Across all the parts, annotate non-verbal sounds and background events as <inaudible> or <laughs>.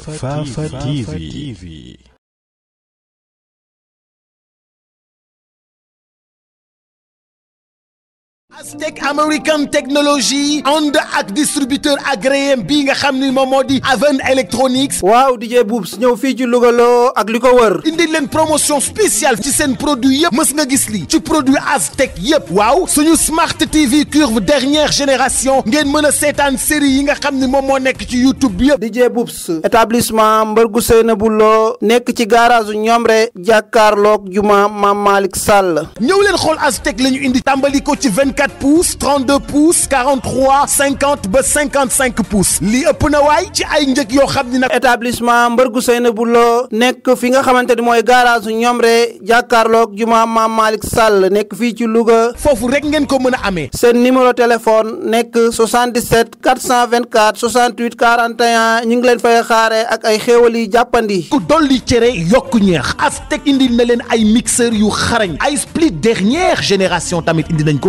Fafa TV. Aztec American Technology ànd ak distributeur agréé bii nga xam ni moom moo di Aven Electronics. waaw DJ Boubs ñëw fii ci Louga ak li ko wër. indi leen promotion spéciale ci seen produit yëpp mës nga gis lii ci produit Aztec yëpp waaw suñu Smart TV curve dernière génération ngeen mën a seetaan série yi nga xam ni moom moo nekk ci YouTube bi yëpp. DJ Boubs établissement Mbargu Seynabou Lo nekk ci garage Ñomre jàkkaarloog juma Maam Malick Sall. ñëw leen xool 24 pouces 32 pouces 43 50 ba 55 pouces ëpp na waay ci ay njëg yoo xam ni nag. établissement Mbërgu bu Lo nekk fi nga xamante ni mooy garage su ñoom rek jàkkaarloog juma maam Malick Sall nekk fii ci Louga. foofu rek ngeen ko mën a amee. seen numéro téléphone nekk 77 424 68 41 ñu ngi leen fay xaare ak ay xéewal yi jàppandi. ku dolli cere yokk ñeex Aztec indil na leen ay mixeur yu xarañ ay split dernière génération tamit indi nañ ko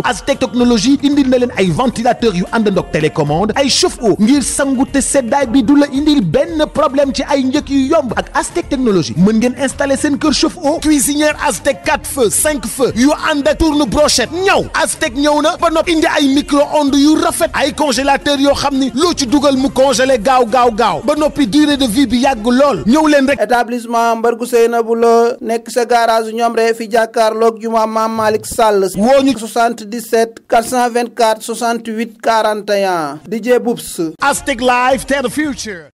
technologie indil na leen ay ventilateur yu àndandoo ak télécommande ay chauffe-eau ngir sangu te seddaay bi du la indi benn problème ci ay njëkk yu yomb ak Aztec technologie mën ngeen installer seen kër chauffe-eau cuisinière Aztec 4 feux 5 feux yu ànd ak tourne brochette ñaw Aztec ñëw na ba noppi indi ay micro-ondes yu rafet ay congélateur yoo xam ni loo ci dugal mu congelé gaaw gaaw gaaw ba noppi durée de vie bi yàgg lool ñëw leen rek. établissement Mbargu Seynabu la nekk sa garage ñoom rek fi jàkkaarloog juma maam Malick Sall. woo ñu 77. 424 68 41 DJ Boops Aztec Live to the future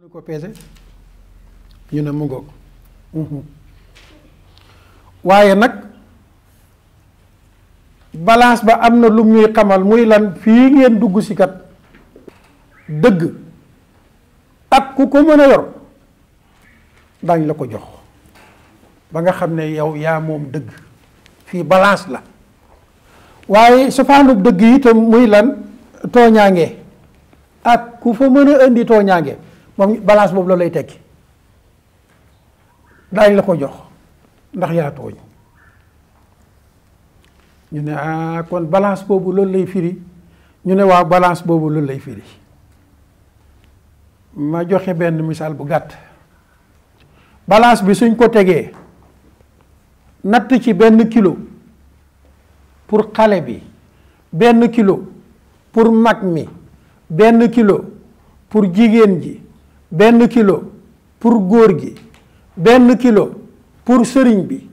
ñu ko peese ñu ne mu mhm. waaye nag balaas ba am na lu muy xamal muy lan fii ngeen dugg si kat dëgg ak ku ko mën a yor daañ la ko jox ba nga xam ne yow yaa moom dëgg fii balance la waaye safaanub dëgg itam muy lan tooñaange ak ku fa mën a indi tooñaange moom balance boobu la lay tekki daañu la ko jox ndax yaa tooñ ñu ne ah kon balance boobu loolu lay firi ñu ne waaw balance boobu loolu lay firi ma joxe benn misaal bu gàtt balance bi suñ ko tegee natt ci benn kilo pour xale bi benn kilo pour mag mi benn kilo pour jigéen ji benn kilo pour góor gi benn kilo pour sëriñ bi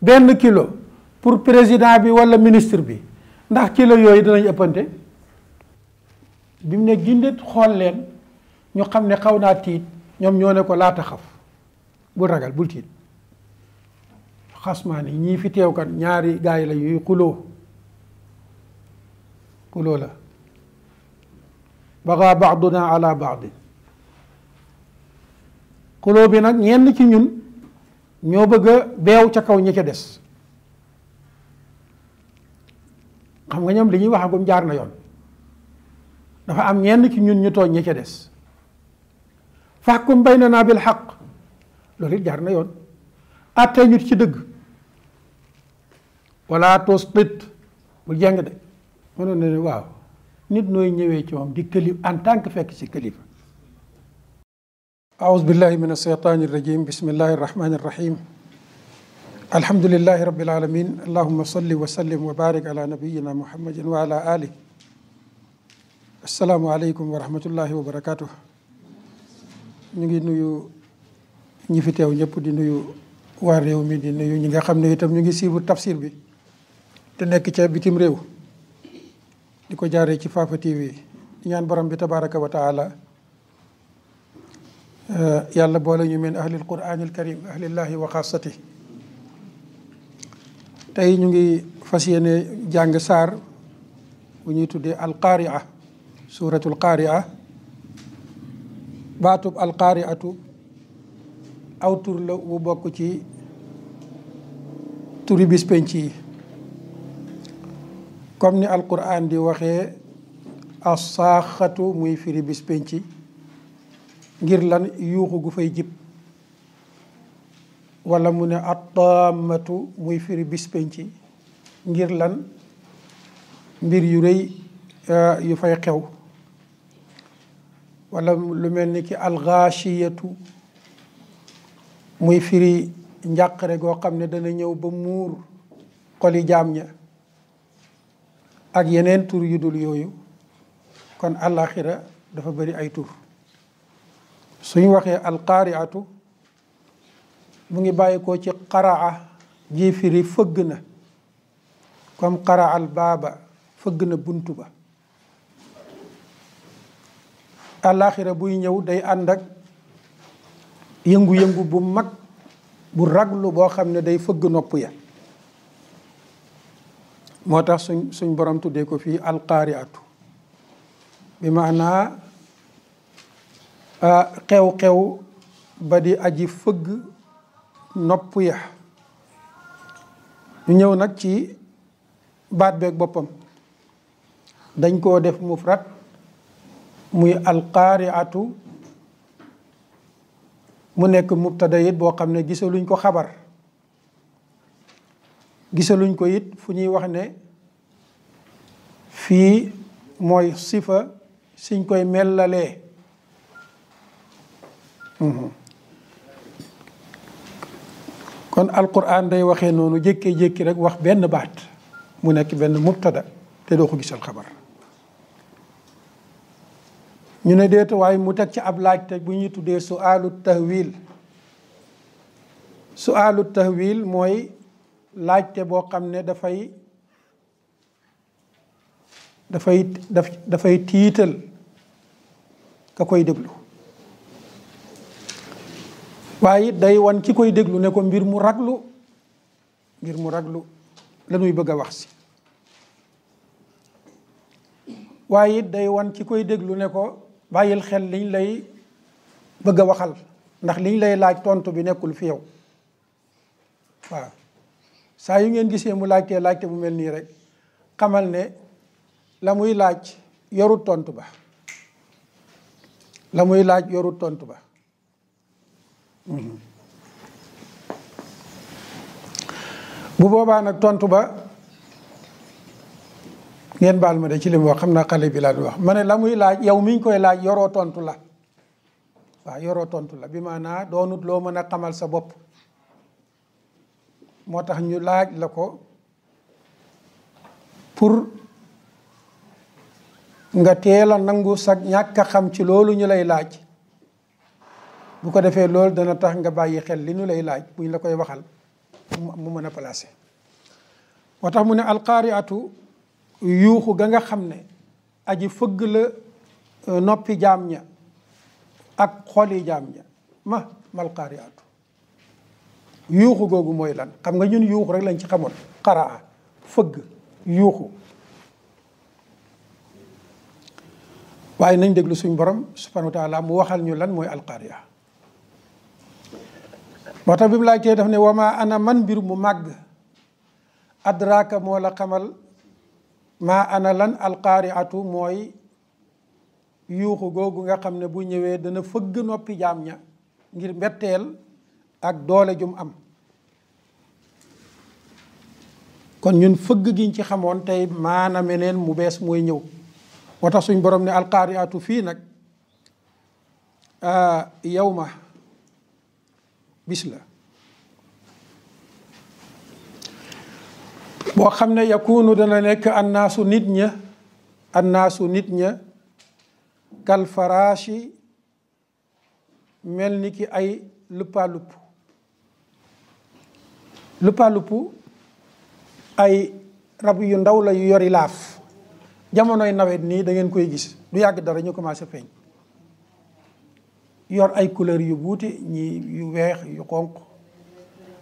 benn kilo pour président bi walla ministre bi ndax kilo yooyu dinañ ëppante bi mu ne gindeet xool leen ñu xam ne xaw naa tiit ñoom ñoo ne ko laa xaf bu ragal bul tiit xasmaan yi ñii fi teew kan ñaari gaay la yuy xuloo xuloo la bagaa baaduna ala baadin xuloo bi nag ñenn ci ñun ñoo bëgg a beew ca kaw ñi ca des xam nga ñoom li ñuy waxagum jaar na yoon dafa am ñenn ci ñun ñu tooñ ñi ca des fahkum naa bil xaq loolu it jaar na yoon àttee ñu ci dëgg wala tostit bu jeng de mënoon ne waaw nit nooy ñëwee ci moom di këlif en tant que fekk ci këlifa أعوذ بالله من الشيطان الرجيم بسم الله الرحمن الرحيم الحمد لله رب العالمين اللهم صل وسلم وبارك على نبينا محمد وعلى آله السلام عليكم ورحمة الله وبركاته ñu ngi nuyu ñi fi teew ñëpp di nuyu waa réew mi di nuyu ñi nga xam ne itam ñu ngi siibu tafsir bi te nekk ca bitim réew di ko jaaree ci Fafa ñaan borom bi tabaraka Eh, yàlla boole ñu min ahlil quraanil karim ahlillahi wa xaasati tey ñu ngi fas yéene jàng saar bu ñuy tuddee suuratu suuratul qaaria baatub alqaariatu aw tur la bu bokk ci turi bis penc yi comme ni alquraan di waxee assaaxatu muy firi bis penc ngir lan yuuxu gu fay jib wala mu ne attaamatu muy firi bis ngir lan mbir yu rëy euh, yu fay xew walla lu mel ni ki alxaashiyatu muy firi njàqare goo xam ne dana ñëw ba muur xoli jaam ña ak yeneen tur yu dul yooyu kon àllaaxira dafa bari ay tur suñu waxee alqaariatu mu ngi bàyyi ko ci qaraa ji firi fëgg na kom qaraa al baaba fëgg na bunt ba àllaaxira buy ñëw day ànd ak yëngu-yëngu bu mag bu raglu boo xam ne day fëgg nopp ya moo tax suñ suñ borom tuddee ko fii alqaariatu bi maanaa xew-xew ba di aji fëgg nopp ya ñu ñëw nag ci baat beeg boppam dañ koo def mufrat muy alqaariatu mu nekk mubtada it boo xam ne gisaluñ ko xabar gisaluñ ko it fu ñuy wax ne fii mooy sifa siñ koy melalee kon alquran day waxee noonu jékkee jékki rek wax benn baat mu nekk benn mubtada te doo ko xabar ñu ne déet waaye mu teg ci ab laajte bu ñuy tuddee su alu tahwil su mooy laajte boo xam ne dafay dafay tiital ka koy déglu waaye it day wan ki koy déglu nekko mbir mu raglu mbir mu raglu lanuy bëgg a wax si waaye it day wan ki koy déglu ne ko bàyyil xel liñ lay bëgg a waxal ndax liñ lay laaj tontu bi nekkul fi yow waaw saa yu ngeen gisee mu laajtee laajte mu mel nii rek xamal ne la muy laaj yorut tontu ba la muy laaj yorut tontu ba bu boobaa nag tontu ba ngeen baal ma de ci lim mu wax xam na xale bi laa wax ma ne la muy laaj yow miñ koy laaj yoroo tontu la waaw yoroo tontu la bi maanaa doonut loo mën a xamal sa bopp moo tax ñu laaj la ko pour nga teel a nangu sag ñàkk xam ci loolu ñu lay laaj bu ko defee loolu dana tax nga bàyyi xel li nu lay laaj bu ñu la koy waxal mu mën a placer moo tax mu ne alqaariatu yuuxu ga nga xam ne aji fëgg la euh, noppi jaam ña ak xoli jaam ña ma mal qaariatu yuuxu googu mooy lan xam nga ñun yuuxu rek lañ ci xamoon qaraa fëgg yuuxu waaye nañ déglu suñ borom subhanahu wa taala mu waxal ñu lan mooy alqaaria moo tax bi mu laajtee daf ne wama ana man mbir mu màgg adraka moo la xamal maa ana lan alqaariatu mooy yuuxu googu nga xam ne bu ñëwee dana fëgg noppi jaam ña ngir mbetteel ak doole jum am kon ñun fëgg giñ ci xamoon tey maana meneen mu bees mooy ñëw moo tax suñ borom ne alqaariatu fii nag ah, yawma bis la boo xam ne yakunu dana nekk annaasu nit ña annaasu nit ña kal mel ni ki ay luppalupp luppalupp ay rab yu ndaw la yu yori laaf jamonoy nawet nii da ngeen koy gis du yàgg dara ñu commencé feeñ yor ay couleur yu wuute ñi yu weex yu xonq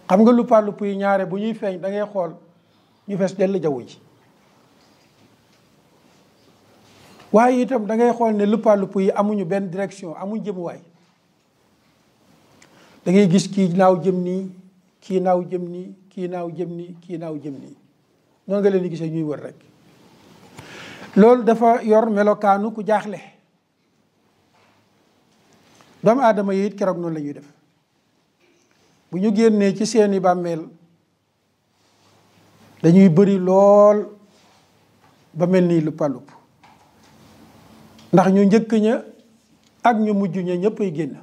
xam nga lu pàllup yi ñaare bu ñuy feeñ dangay xool ñu fees dell jaww ji waaye itam da ngay xool ne lu pàllup yi amuñu benn direction amuñ jëmuwaay da ngay gis kii naaw jëm nii kii naaw jëm nii kii naaw jëm nii kii naaw jëm nii noonu nga leen di gisee ñuy wër rek loolu dafa yor melokaanu ku jaaxle doomu aadama yi it keroog noonu la def bu ñu génnee ci seeni bàmmeel dañuy bëri lool ba mel nii lu palup ndax ñu njëkk ña ak ñu mujj ña ñëpp ay génn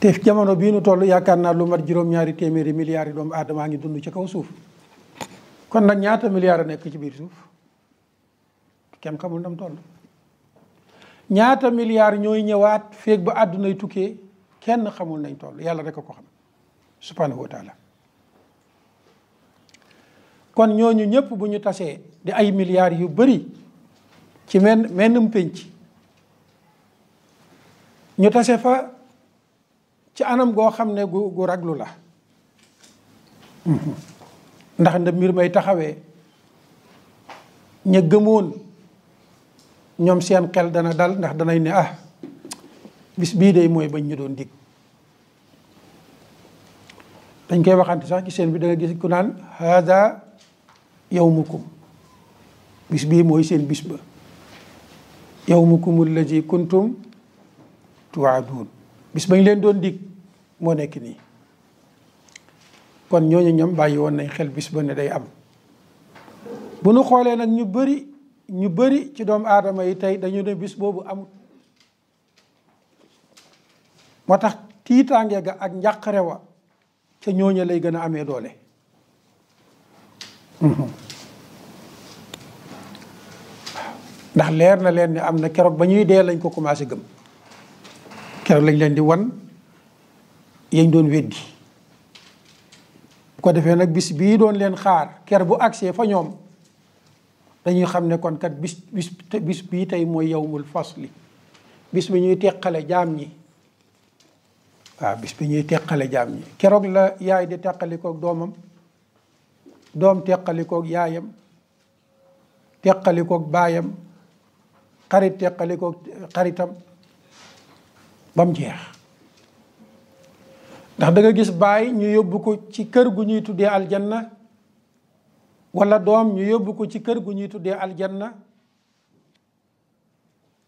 te jamono bii nu toll yaakaar naa lu mat juróom-ñaari téeméeri milliards yi doomu aadamaa ngi dund ci kaw suuf kon nag ñaata milliards a nekk ci biir suuf kenn xamul ndam toll ñaata milliards ñooy ñëwaat feeg ba àddunay tukkee kenn xamul nañ toll yàlla rek ko xam subhanahu wa kon ñooñu ñëpp bu ñu tasee di ay milliards yu bari ci men mennum pénc ñu tase fa ci anam goo xam ne gu gu raglu la ndax nda mbir may taxawee ña gëmoon ñoom seen xel dana dal ndax danay ne ah bis bii day mooy bañ ñu doon dig dañ koy waxante sax ci seen bi da nga gis ku naan haada yawmukum bis bii mooy seen bis ba yawmukum allazi kuntum tuwaadun bis bañ leen doon dig moo nekk nii kon ñooñu ñoom bàyyi woon nañ xel bis ba ne day am bu nu xoolee nag ñu bëri ñu bari ci doomu aadama yi tey dañu ne bis boobu amul moo tax tiitaange ga ak njàqare wa ca ñooña lay gën a amee doole ndax leer na leen ne am na keroog ba ñuy dee lañ ko commencé gëm keroog lañ leen di wan yañ doon weddi bu ko defee nag bis bii doon leen xaar ker bu agsee fa ñoom dañuy xam ne kon kat bis bis bis bii tey mooy yawmul fasli bis bi ñuy teqale jaam ñi waaw bis bi ñuy teqale jaam ñi keroog la yaay di teqalikoog doomam doom teqalikoog yaayam kook baayam xarit teqalikoog xaritam bam jeex ndax da gis baay ñu yóbbu ko ci kër gu ñuy tuddee aljanna wala doom ñu yóbbu ko ci kër gu ñuy tuddee aljanna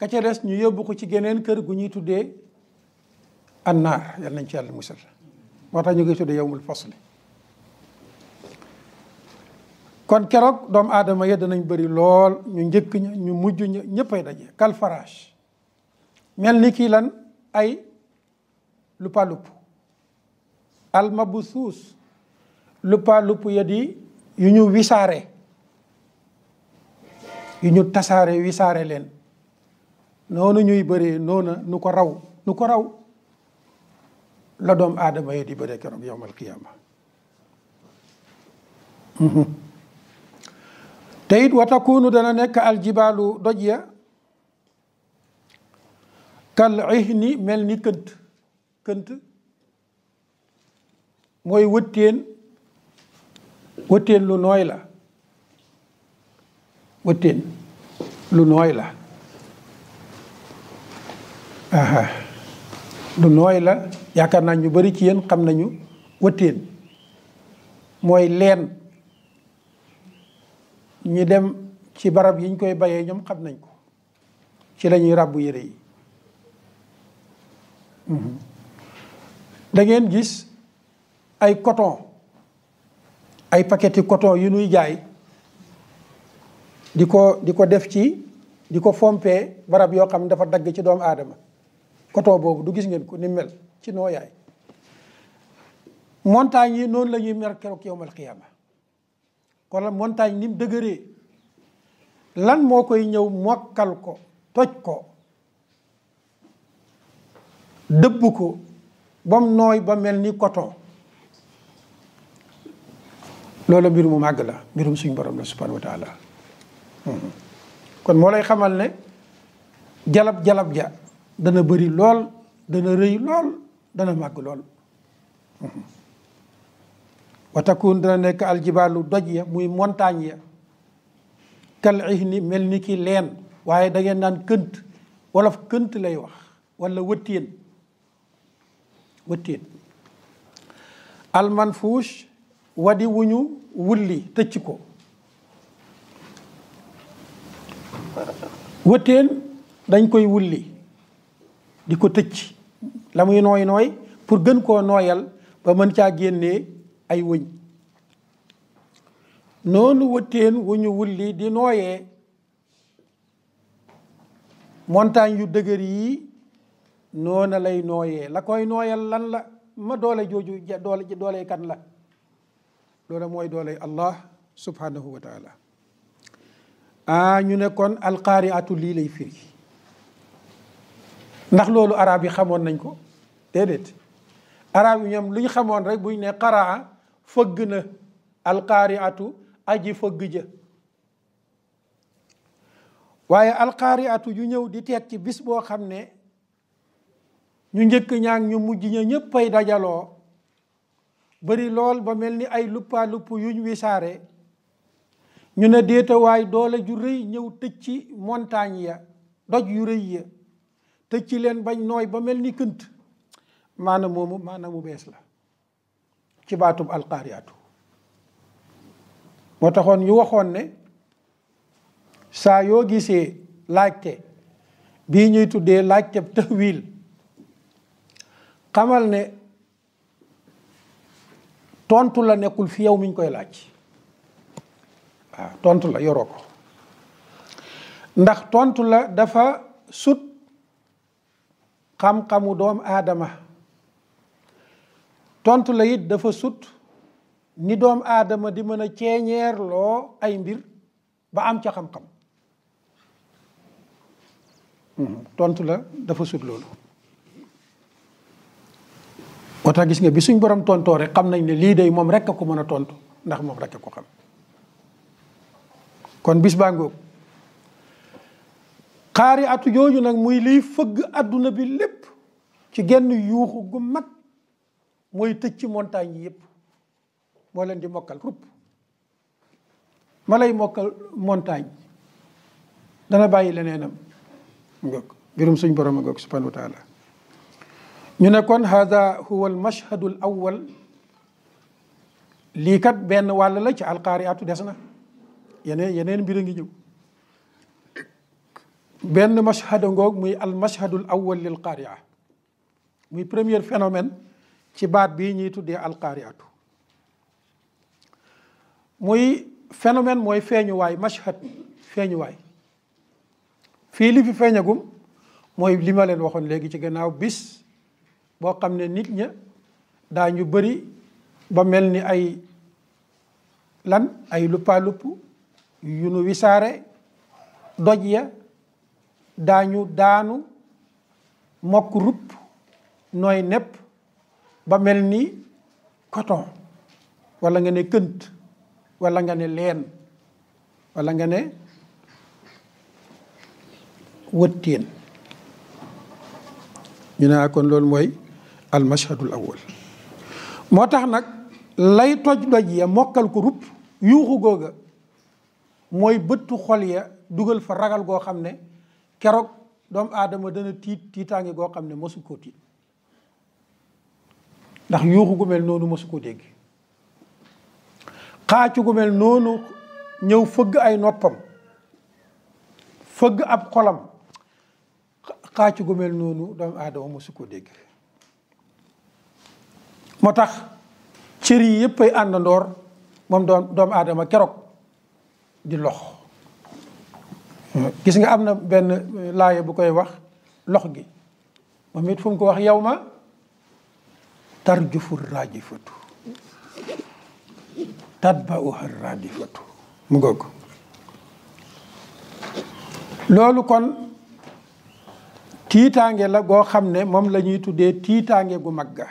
ka ca des ñu yóbbu ko ci geneen kër gu ñuy tuddee annaar yal nañ ci yàlla musal moo tax ñu koy tuddee yowmul fasli kon keroog doom aadama ya nañ bëri lool ñu njëkk ñu mujj ña ñëppay daje kalfarage mel ni kii lan ay lupalup suus lupalup ya di yu ñu wisaare yu ñu tasaare wisaare leen noonu ñuy bare noona nu ko raw nu ko raw la doom aadama yi di bëree keroog yowmal qiyaama mhm. te it wa dana nekk aljibaalu doj ya kal ihni mel ni kënt kënt mooy wëttéen wëttéen lu nooy la wëttéen lu nooy la aha lu nooy la yaakaar naa ñu bari ci yéen xam nañu wëttéen mooy leen ñi dem ci barab yiñ koy bayee ñoom xam nañ ko ci lañuy ràbbu yére yi mhm. da ngeen gis ay coton ay paquet yi coton yu nuy jaay di ko di ko def ci di ko fompee barab yoo xam ne dafa dagg ci doomu aadama coton boobu du gis ngeen ko ni mel ci nooyaay montagne yi noonu lañuy ñuy mer keroog yowmal xiyaama wala montagne ni mu dëgëree lan moo koy ñëw mokkal ko toj ko dëbb ko bam mu nooy ba mel ni coton loolu mbir mu màgg la mbirum suñu borom la subhanahu wa hmm. kon moo lay xamal ne jalab-jalab ja dana bari lool dana rëy lool dana màgg lool hmm. wa takun dana nekk aljibaalu doj ya muy montagne ya kal ihni mel ni ki leen waaye da ngeen naan kënt wolof kënt lay wax wala wëttéen wëttéen almanfuush wadi wu ñu wulli tëcc ko wëttéen dañ koy wulli di ko tëcc la muy nooy nooy pour gën koo nooyal ba mën caa génnee ay wëñ noonu wëttéen wu ñu wulli di nooyee montagne yu dëgër yi noona lay nooyee la koy nooyal lan la ma doole jooju doole doole kan la loola mooy doole allah subhanahu wa taala a ah, ñu ne kon alqaariatu lii lay firi ndax loolu araab yi xamoon nañ ko déedéet arab yi ñam lu ñu xamoon rek buñ ne qaraa fëgg na alqaariatu aji fëgg ja waaye alqaariatu yu ñëw di teet ci bis boo xam ne ñu njëkk ñaag ñu mujj ñu ñëppay dajaloo bari lool ba mel ni ay luppa lupp yuñ wisaare ñu ne déetawaay doole ju rëy ñëw tëj ci ya doj yu rëy ya tëj ci leen bañ nooy ba mel ni kënt maana moomu maana mu bees la ci baatub alqaariyaatu moo taxoon ñu waxoon ne saa yoo gisee laajte bi ñuy tuddee laajte tahwiil xamal ne tontu la nekkul fi yow mi ñu koy laaj waaw tontu la yoroo ko ndax tontu la dafa sut xam-xamu doom aadama tontu la it dafa sut ni doom aadama di mën a ceeñeer loo ay mbir ba am ca xam-xam hmm, tontu la dafa sut loolu moo tax gis nga bi suñ borom tontoo rek xam nañ ne lii day moom rek a ko mën a tontu ndax moom rek ko xam kon bis baa ngoog xaari atu jooju nag muy liy fëgg adduna bi lépp ci genn yuuxu gu mag mooy tëj ci montagne yi yëpp moo leen di mokkal rupp ma lay mokkal montagne dana bàyyi leneenam ngoog mbirum suñ borom a ngoog subhanahu wa ñu ne kon hada huwa al mashhadu al awwal lii kat benn wàll la ci alqaariatu des na yeneen yeneen mbir ngi ñëw benn mashhada ngoog muy al mashhadu al awwal lil qaaria muy premier phénomène ci baat bii ñuy tuddee alqaariatu muy phénomène mooy feeñuwaay mashhad feeñuwaay fii lii fi feeñagum mooy li leen waxoon léegi ci gannaaw bis boo xam ne nit ña daañu bëri ba mel ni ay lan ay luppalupp yu nu wisaare doj ya daañu daanu mokk rupp nooy nepp ba mel ni coton wala nga ne kënt wala nga ne leen wala nga ne wëttéen ñu ne ah, kon loolu mooy al mashhadul awwal moo tax nag lay toj doj ya mokkal ko rupp yuuxu googa mooy bëttu xol ya dugal fa ragal goo xam ne keroog doomu aadama dana tiit tiitaange goo xam ne mosu koo tiit ndax yuuxu gu noonu mosu koo dégg xaacu gu mel noonu ñëw fëgg ay noppam fëgg ab xolam xaacu gu noonu doomu aadama mosu koo dégg moo tax cër yi yëpp ay àndandoor moom doom doomu aadama keroog di lox gis nga am na benn euh, laaya bu koy wax lox gi moom it fu ko wax yow ma tarjufu raajifatu tatba'uha raadifatu mu ngoog loolu kon tiitaange la goo xam ne moom lañuy tuddee tiitaange gu mag ga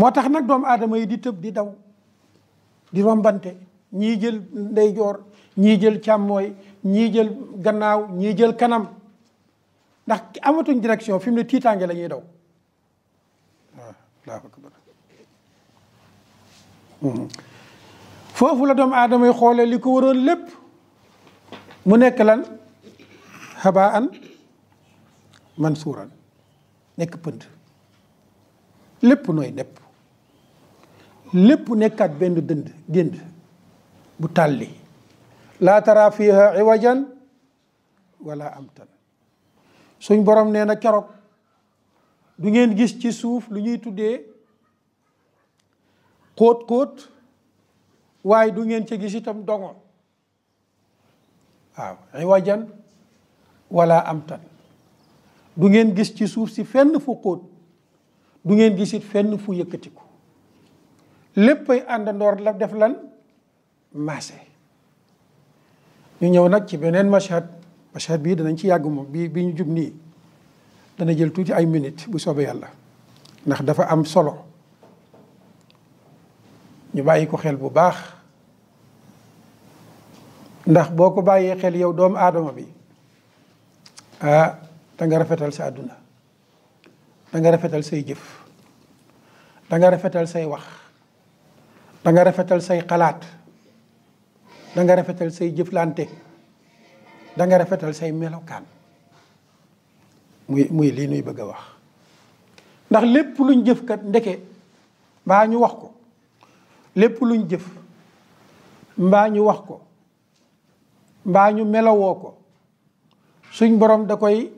moo tax nag doomu aadama yi di tëb di daw di rombante ñii jël ndeyjoor ñii jël càmmooy ñii jël gannaaw ñii jël kanam ndax amatuñ direction fi mu ne tiitaange la ñuy daw hmm. foofu la doomu aadama yi xoolee li ko waroon lépp mu nekk lan xabaan mansuuran nekk pënd lépp nooy nepp lépp nekkaat benn dënd génd bu tàlli laa tara fiha iwajan wala amtan suñ borom nee na keroog du ngeen gis ci suuf lu ñuy tuddee xóot-xóot waaye du ngeen ci gis itam dongo waaw iwajan wala amtan du ngeen gis ci suuf si fenn fu xóot du ngeen gis fenn fu yëkkatiku lépp ay àndandoor la def lan maase ñu ñëw nag ci beneen mashad mashad bii danañ ci yàgg moom bi bi ñu jub nii dana jël tuuti ay minutes bu soobee yàlla ndax dafa am solo ñu bàyyi ko xel bu baax ndax boo ko bàyyee xel yow doomu aadama bi ah da rafetal sa àdduna da nga rafetal say jëf da nga rafetal say wax danga nga rafetal say xalaat danga nga rafetal say jëflante danga nga rafetal say melokaan muy muy lii nuy bëgg a wax ndax lépp luñ jëf kat ndeke mbaa ñu wax ko lépp luñ jëf mbaa ñu wax ko mbaa ñu melowoo ko suñ borom da koy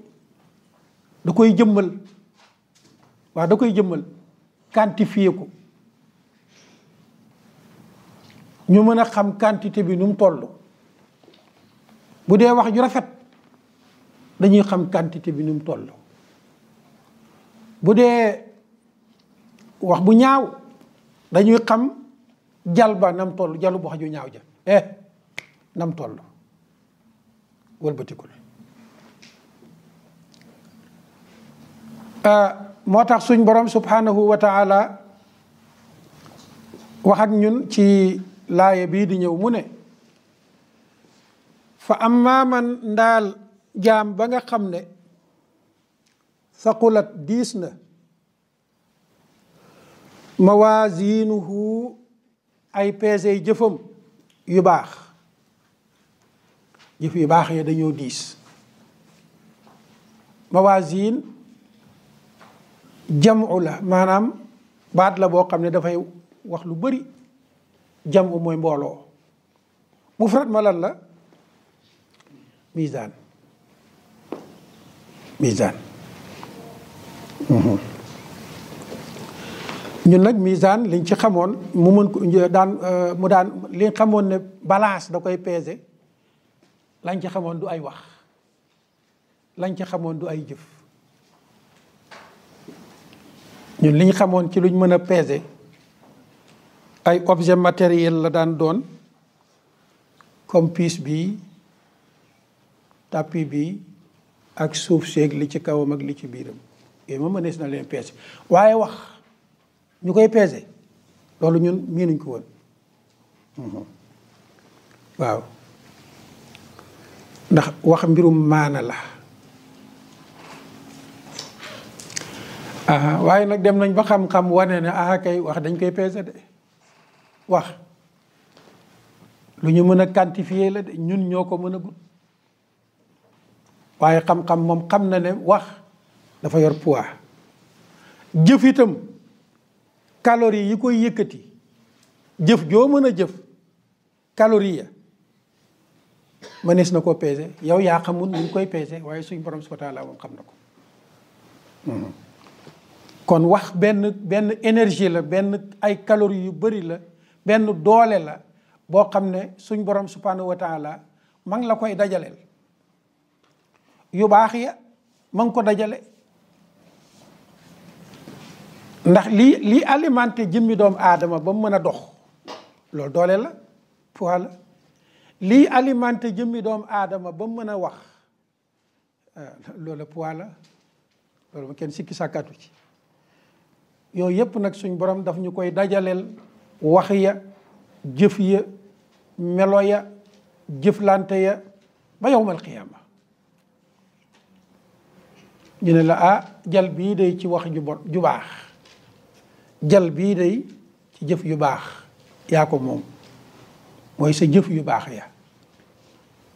da koy jëmmal waa da koy jëmmal quantifier ko ñu mën a xam quantité bi nu mu bu dee wax ju rafet dañuy xam quantité bi nu mu bu dee wax bu ñaaw dañuy xam jal ba nam toll jalu bu wax ñaaw ja eh nam walbatiku wëlbatikul ah, moo tax suñ borom subhanahu wa taala wax ak ñun ci laaye bii di ñëw mu ne fa amma man ndaal jaam ba nga xam ne saqulat diis na mawaasiinuhu ay peesey jëfam yu baax jëf yu baax ya dañoo diis mawaasiin jamu la maanaam baat la boo xam ne dafay wax lu bari jamu mooy mbooloo mufrad ma lan la misaan misaan mhm. ñun nag misaan liñ ci xamoon mu mën ko daan euh, mu daan liñ xamoon ne balance da koy peser lañ ci xamoon du ay wax lañ ci xamoon du ay jëf ñun liñ xamoon ci luñ mën a peser ay objet matériel la daan doon comme piis bi tapis bi ak suuf seeg li ci kawam ak li ci biiram yooyu moom mënees na leen peese waaye wax ñu koy peese loolu ñun miinuñ ko woon mhm. waaw ndax wax mbirum maana la waaye nag dem nañ ba xam-xam wane ne ah kay wax dañ koy peese de wax lu ñu mën a quantifier la de ñun ñoo ko mën a gudd waaye xam-xam moom xam na ne wax dafa yor poids jëf itam calorie yi koy yëkkati jëf joo mën a jëf calorie ya mënees na koo peser yow yaa xamul nu ñu koy peser waaye suñ borom subhaanahu wa taala xam na ko hmm. kon wax benn benn énergie la benn ay calories yu bari la benn doole la boo xam ne suñ borom subhanahu wa taala ma la koy dajaleel yu baax ya ma ngi ko dajale ndax lii lii alimenté jëmmi doomu aadama ba mu mën a dox loolu doole la poids lii alimenté jëmmi doomu aadama ba mën a wax euh, loolu poids la loolu ma kenn sikki sakkatu ci yooyu yëpp nag suñ borom daf ñu koy dajaleel wax ya jëf ya melo ya jëflante ya ba yowmal qiyaama ñu ne la ah jal bii day ci wax ju bon ju baax jal bii day ci jëf yu baax yaa ko moom mooy sa jëf yu baax ya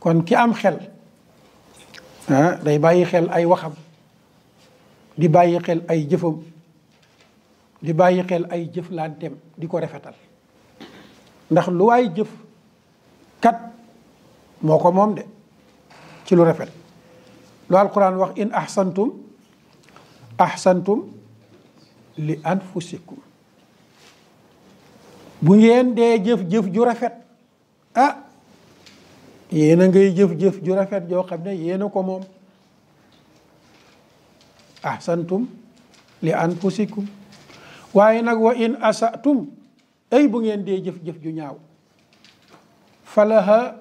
kon ki am xel ah day bàyyi xel ay waxam di bàyyi xel ay jëfam di bàyyi xel ay jëflanteem di ko rafetal ndax lu waay jëf kat moo ko moom de ci lu rafet lu alquran wax in ahsantum ahsantum li anfusikum bu ngeen de jëf-jëf ju rafet ah yéen a ngay jëf-jëf ju rafet joo xam ne yéen ko moom ahsantum li anfusikum waaye nag wa in asatum ay bu ngeen dee jëf-jëf ju ñaaw falaha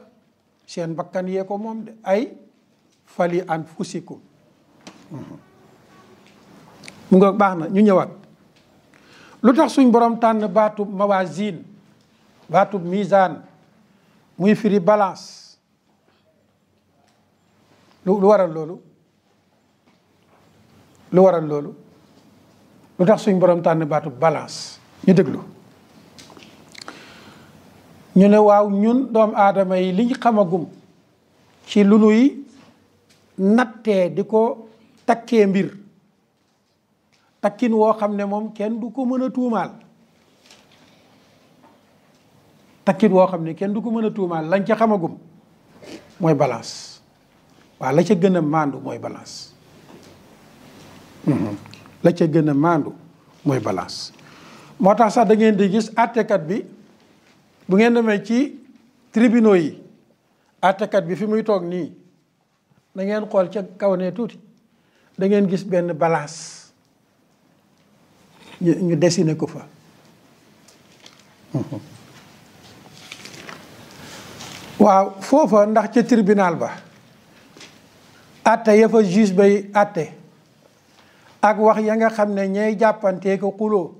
seen bakkan yee ko moom de ay fali anfusikum mu nga baax na ñu ñëwaat lu tax suñ borom tànn baatub mawazin baatub mizan muy firi balance lu waral lu waral loolu lu tax suñ borom tànn baatu balance ñu déglu ñu ne waaw ñun doom aadama yi liñ xamagum ci lu nuy nattee di ko takkee mbir takkin woo xam ne moom kenn du ko mën a tuumaal takkin woo xam ne kenn du ko mën a tuumaal lañ ca xamagum mooy balance waa la ca gën a maandu mooy balance la ca gën a maandu mooy balance moo tax sax da ngeen di gis àttekat bi bu ngeen demee ci tribunaux yi àttekat bi fi muy toog nii da ngeen xool ca kaw ne tuuti da ngeen gis benn balance ñu ñu ko fa <laughs> waaw foofa ndax ca tribunal ba àtte ya fa juge bay àtte ak wax ya nga xam ne ñay jàppantee ko xuloo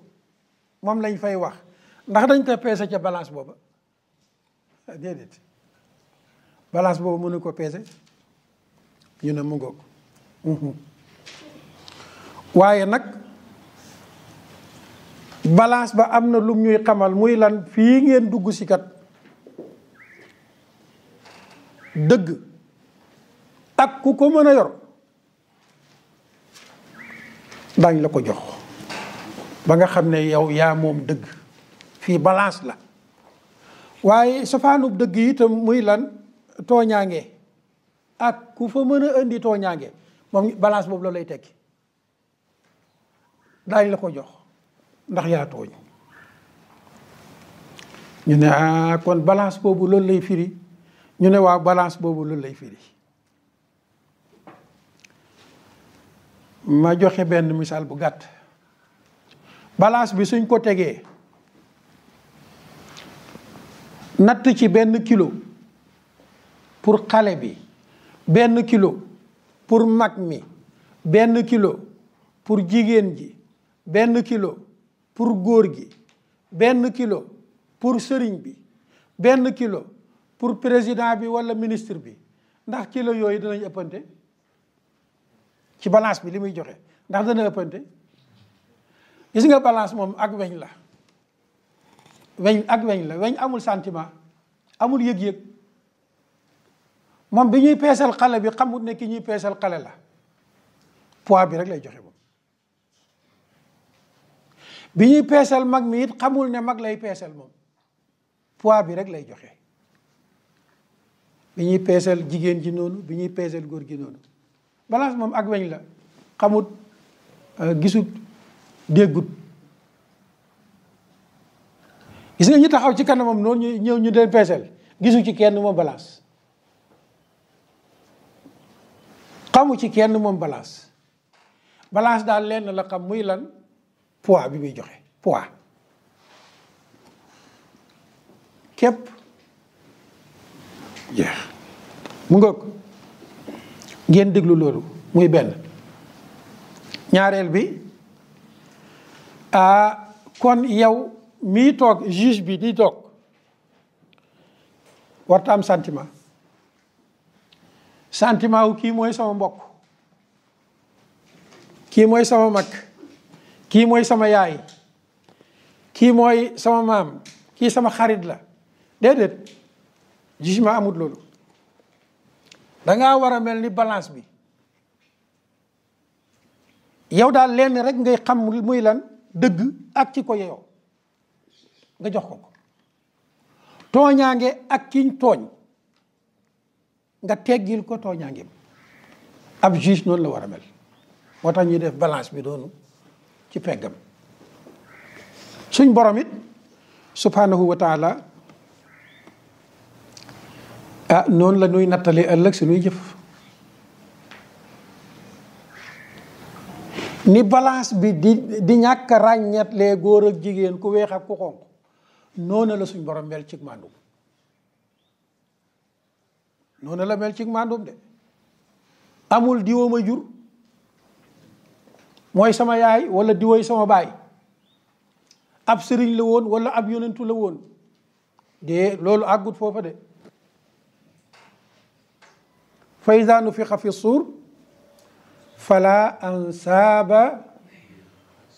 moom lañ fay wax ndax dañ ko peese ca balance booba déedéet balance boobu mënu ko peese ñu ne mu ngoog mhm. waaye nag balance ba am na lum ñuy xamal muy lan fii ngeen dugg si kat dëgg ak ku ko mën a yor daañ la ko jox ba nga xam ne yow yaa moom dëgg fii balance la waaye safaanub dëgg itam muy lan tooñaange ak ku fa mën a indi tooñaange moom balance boobu la lay tekki daañ la ko jox ndax yaa tooñ ñu ne ah kon balance boobu loolu lay firi ñu ne waaw balance boobu loolu lay firi ma joxe benn misaal bu gàtt balance bi suñ ko tegee natt ci benn kilo pour xale bi benn kilo pour mag mi benn kilo pour jigéen ji benn kilo pour góor gi benn kilo pour sëriñ bi benn kilo pour président bi walla ministre bi ndax kilo yooyu dinañ ëppante ci balance bi li muy joxe ndax dana ëppante gis nga balance moom ak weñ la weñ ak weñ la weñ amul santiment amul yëg-yëg moom bi ñuy peesal xale bi xamut ne ki ñuy peesal xale la poids bi rek lay joxe moom bi ñuy peesal mag mi it xamul ne mag lay peesal moom poids bi rek lay joxe bi ñuy peesal jigéen ji noonu bi ñuy peesal góor gi noonu balance moom ak weñ la xamut euh, gisut déggut gis nga ñu taxaw ci kanamam noonu ñu ñëw ñu dee peeseel gisu ci kenn moom balance xamu ci kenn moom balance balance daal leen la xam muy lan poids bi muy joxe poids képp mu nga ngeen déglu loolu muy benn ñaareel bi ah kon yow mii toog juge bi di toog warta am sentiment sentiment kii mooy sama mbokk kii mooy sama mag kii mooy sama yaay kii mooy sama maam kii sama xarit la déedéet jugement amut loolu dangaa war a mel ni balance bi yow daal lenn rek ngay xam muy lan dëgg ak ci ko yow nga jox ko ko tooñaange ak kiñ tooñ nga teggil ko tooñaangeem ab juge noonu la war a mel moo tax ñuy def balance bi doonu ci peggam suñ borom it subhanahu wa ah noonu la ñuy nattalee ëllëg suñuy jëf ni balance bi di di ñàkk ràññetlee góor ak jigéen ku weex ak ku xonq noonu la suñ borom mel ci màndum noonu la mel ci màndum de amul diwooma jur mooy sama yaay wala diwoy sama baay ab sëriñ la woon wala ab yonentu la woon de loolu àggut foofa de fa iza nufixa fi suur fala ansaaba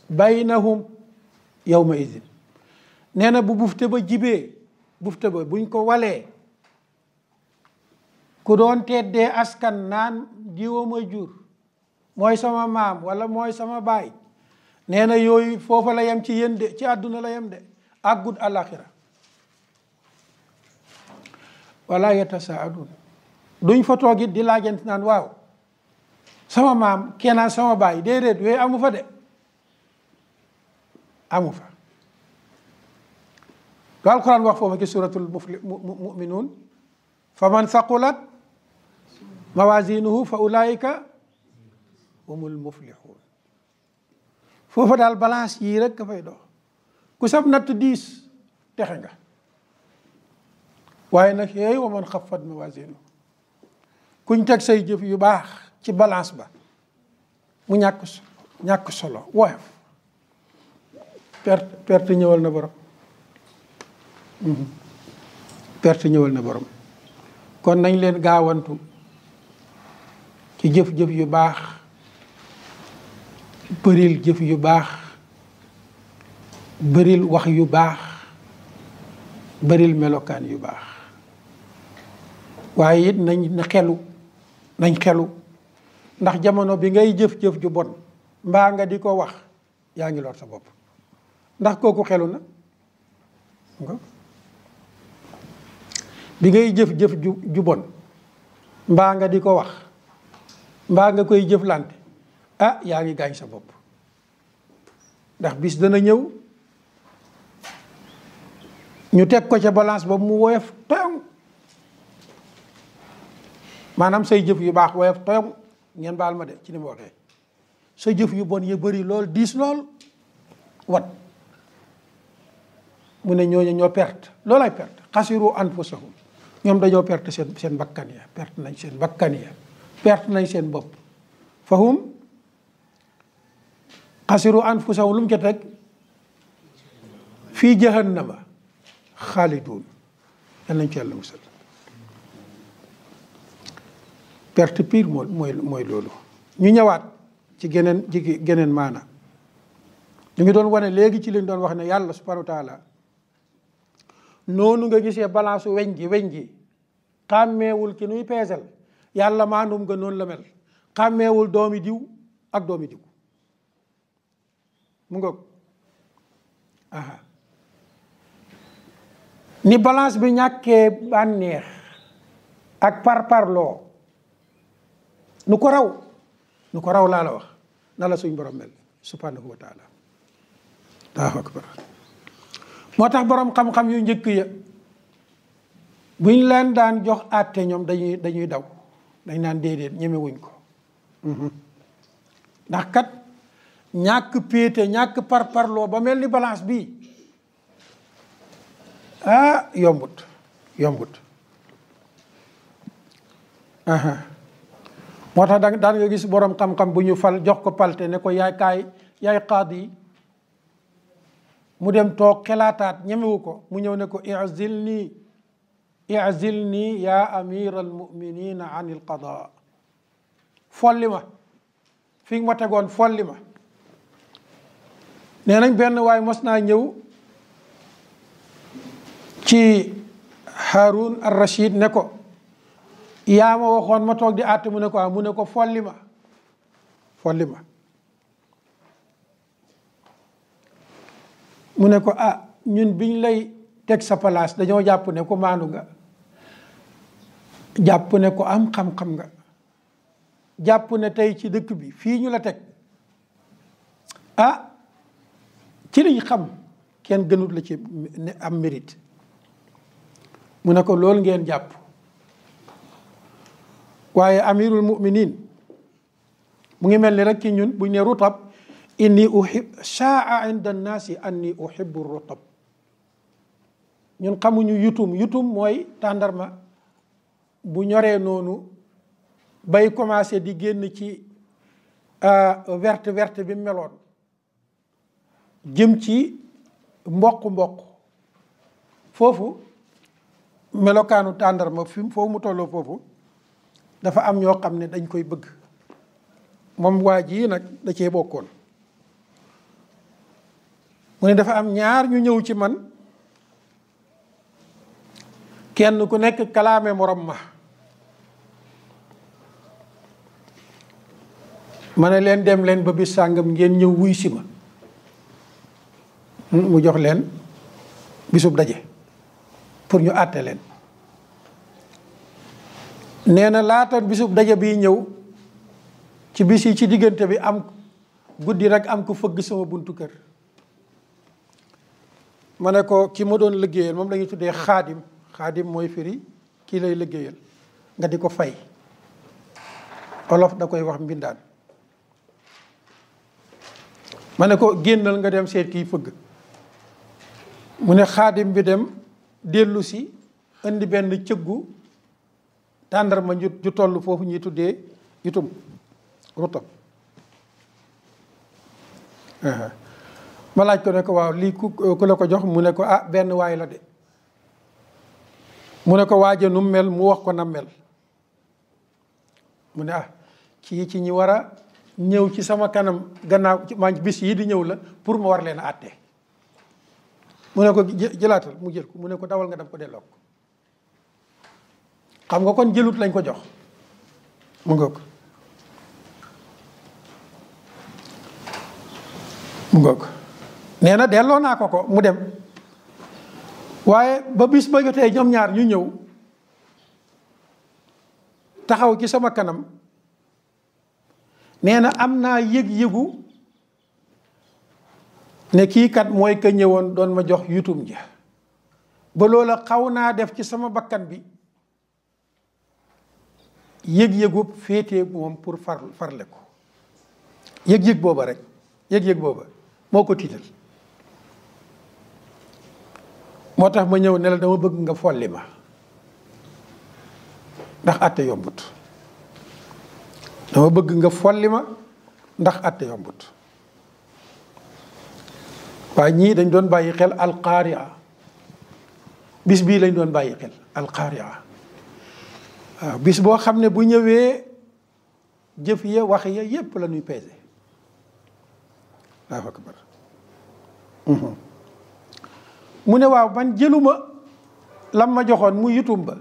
baynahum yawma idin nee na bu bufte ba jibee bufte ba buñ ko wale ku doon teddee askan naan diwa jur mooy sama maam wala mooy sama baay nee na yooyu foofa la yem ci yéen ci àdduna la yem de àggut àlaxira wala yatasaaduun duñ fa toog it di laajante naan waaw sama maam kenaan sama baay déedéet yooyu amu fa de amu fa lu alquran wax foofu ci suratul mufli fa man saqulat mawazinuhu fa ulaika humul muflihun foofa daal balance yii rek ka fay dox ku sab natt diis texe nga waaye nag yooyu wa man xafat mawazinuhu kuñ teg say jëf yu baax ci balance ba mu ñàkk solo woyof perte perte ñëwal na borom mhm. perte ñëwal na borom kon nañ leen gaawantu ci jëf-jëf yu baax bëril jëf yu baax bëril wax yu baax bëril melokaan yu baax waaye it nañ na xelu nañ xelu ndax jamono bi ngay jëf-jëf ju bon mbaa nga di ko wax yaa ngi lor sa bopp ndax kooku xelu na bi ngay jëf-jëf ju mbaa nga di ko wax mbaa nga koy jëflante ah yaa ngi gaañ sa bopp ndax bis dana ñëw ñu teg ko ca balance ba mu woyof toyoŋ maanaam say jëf yu baax woyof toyom ngeen baal ma de ci ni mu waxee sa jëf yu bon yu bëri lool diis lool wat mu ne ñooñu ñoo perte loolay perte xasiru anfusahum ñoom dañoo perte seen seen bakkan perte nañ seen bakkan ya perte nañ seen bopp fahum xasiru anfusahum lu mu ca teg fii jahannama xaaliduun yal nañ ci yàlla musal perte pire moo mooy mooy loolu ñu ñëwaat ci geneen maana ñu ngi doon wane léegi ci liñ doon wax ne yàlla subhanahu wa noonu nga gisee balance weñ gi weñ gi xàmmeewul ki nuy peesal yàlla maandum nga noonu la mel xàmmeewul doomi diw ak doomi diw mu ngoog aha ni balance bi ñàkkee bànneex ak parparloo nu ko raw nu ko raw laa la wax na suñ borom mel subhanahu wa moo tax borom xam-xam yu njëkk ya buñ leen daan jox àtte ñoom dañuy dañuy daw dañ naan déedéet ñeme wuñ ko mhm. ndax kat ñàkk péete ñàkk par parloo ba mel ni balance bii ah yombut yombut aha moo tax daan nga gis borom xam-xam bu ñu fal jox ko palte ne ko yaay kaay yaay xaad mu dem toog xelaataat ñemewu ko mu ñëw ne ko izil nii izil nii yaa amira almuminina an il qada folli ma fi ma tegoon folli ma nee nañ benn waaye mos naa ñëw ci Haroun ar Rachid ne ko yaa ma waxoon ma toog di àtte mu ne ko ah, mu ne ko folli ma folli mu ne ko ah ñun biñ lay teg sa palaas dañoo jàpp ne ko maandu nga jàpp ne ko am xam-xam nga jàpp ne tey ci dëkk bi fii ñu la teg ah ci liñ xam kenn gënut la ci am mérite mu ne ko loolu ngeen jàpp waaye amirul muminin mu ngi mel ni rek ki ñun buñ ne rutab inni uhib shaa inda annaasi anni uhibu rutab ñun xamuñu yutum yutum mooy tàndarma bu ñoree noonu bay commencé di génn ci verte verte bi meloon jëm ci mboq mboq foofu melokaanu tàndarma fi foofu mu tolloo foofu dafa am ñoo xam ne dañ koy bëgg moom waa jii nag da cee bokkoon mu ne dafa am ñaar ñu ñëw ci man kenn ku nekk kalaame morom ma ma ne leen dem leen ba bis sàngam ngeen ñëw wuy si ma mu jox leen bisub daje pour ñu àtte leen nee na laata bisub daje bi ñëw ci bis yi ci diggante bi am guddi rek am ku fëgg sama buntu kër ma ne ko ki ma doon liggéeyal moom la tuddee xaadim xaadim mooy firi kii lay liggéeyal nga di ko fay olof da koy wax mbindaan ma ne ko génnal nga dem seet kiy fëgg mu ne xaadim bi dem dellusi si indi benn cëggu tàndarma ju ju toll foofu ñuy tuddee itum rutab ma laaj ko ne waaw lii ku ku la ko jox mu ne ko ah benn waay la de mu ne ko waaje nu mel mu wax ko na mel mu ne ah ci ci ñi war a ñëw ci sama kanam gannaaw maa ngi bis yii di ñëw la pour ma war leen a àtte mu ne ko jëlaatal mu jël ko mu ne ko dawal nga dem ko delloo ko xam nga kon jëlut lañ ko jox mu ngoog mu ngoog nee na delloo naa ko ko mu dem waaye ba bis ba jotee ñoom ñaar ñu ñëw taxaw ci sama kanam nee na am naa yëg-yëgu ne kii kat mooy ka ñëwoon doon ma jox yutum ja ba loola xaw naa def ci sama bakkan bi yëg-yëgu féetee moom pour far farle ko yëg-yëg booba rek yëg-yëg booba moo ko tiital moo tax ma ñëw ne dama bëgg nga folli ma ndax àtte yombut dama bëgg nga folli ma ndax àtte yombut waaye ñii dañ doon bàyyi xel alqaaria bis bii lañ doon bàyyi xel alqaaria waaw bis boo xam ne bu ñëwee jëf ya wax ya yépp la ñuy peese mhm. mu ne waaw man jëluma lam ma joxoon mu yutum ba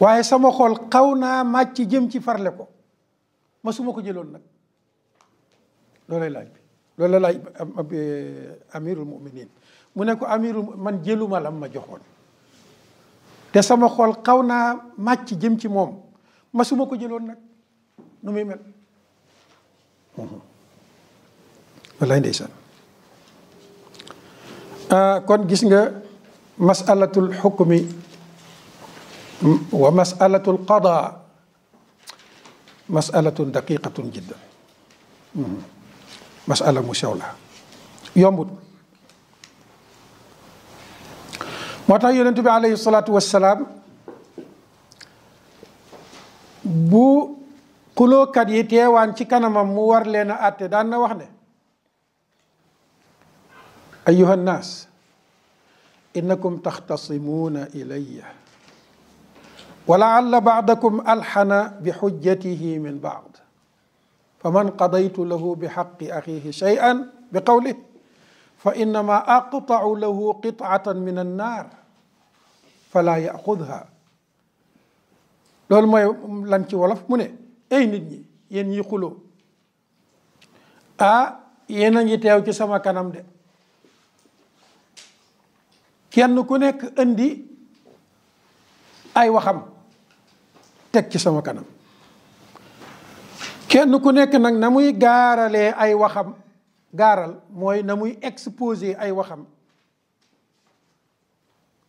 waaye sama xool xaw naa ci jëm ci farle ko ma suma ko jëloon nag loolay laaj bi loolay laaj eh, amirul muminin mu ne ko amirul man jëluma lam ma joxoon te sama xol xaw naa màcc jëm ci moom ma su ma ko jëloon nag nu muy mel mhm. wallaay ndeysaan ah, kon gis nga masalatul xukmi wa masalatul qada masalatun daqiqatun jiddan mhm. masala mu sew la yombut moo tax yonent bi alayhi salaatu wassalaam bu xulookat yi teewaan ci kanamam mu war leen a àtte daan na wax ne ayyuha nnaas innakum taxtasimuuna ilayya wa laalla baadakum alxana bi xujjatihi min baad fa man qadaytu lahu bi xaqi axihi cheyan bi qawlihi fa innama aqtau lahu qitaatan min annaar fala yaxudha loolu mooy lan ci wolof mu ne ay nit ñi yéen ñi xuloo ah yéen a ngi teew ci sama kanam de kenn ku nekk indi ay waxam teg ci sama kanam kenn ku nekk nag na muy gaaralee ay waxam gaaral mooy na muy exposé ay waxam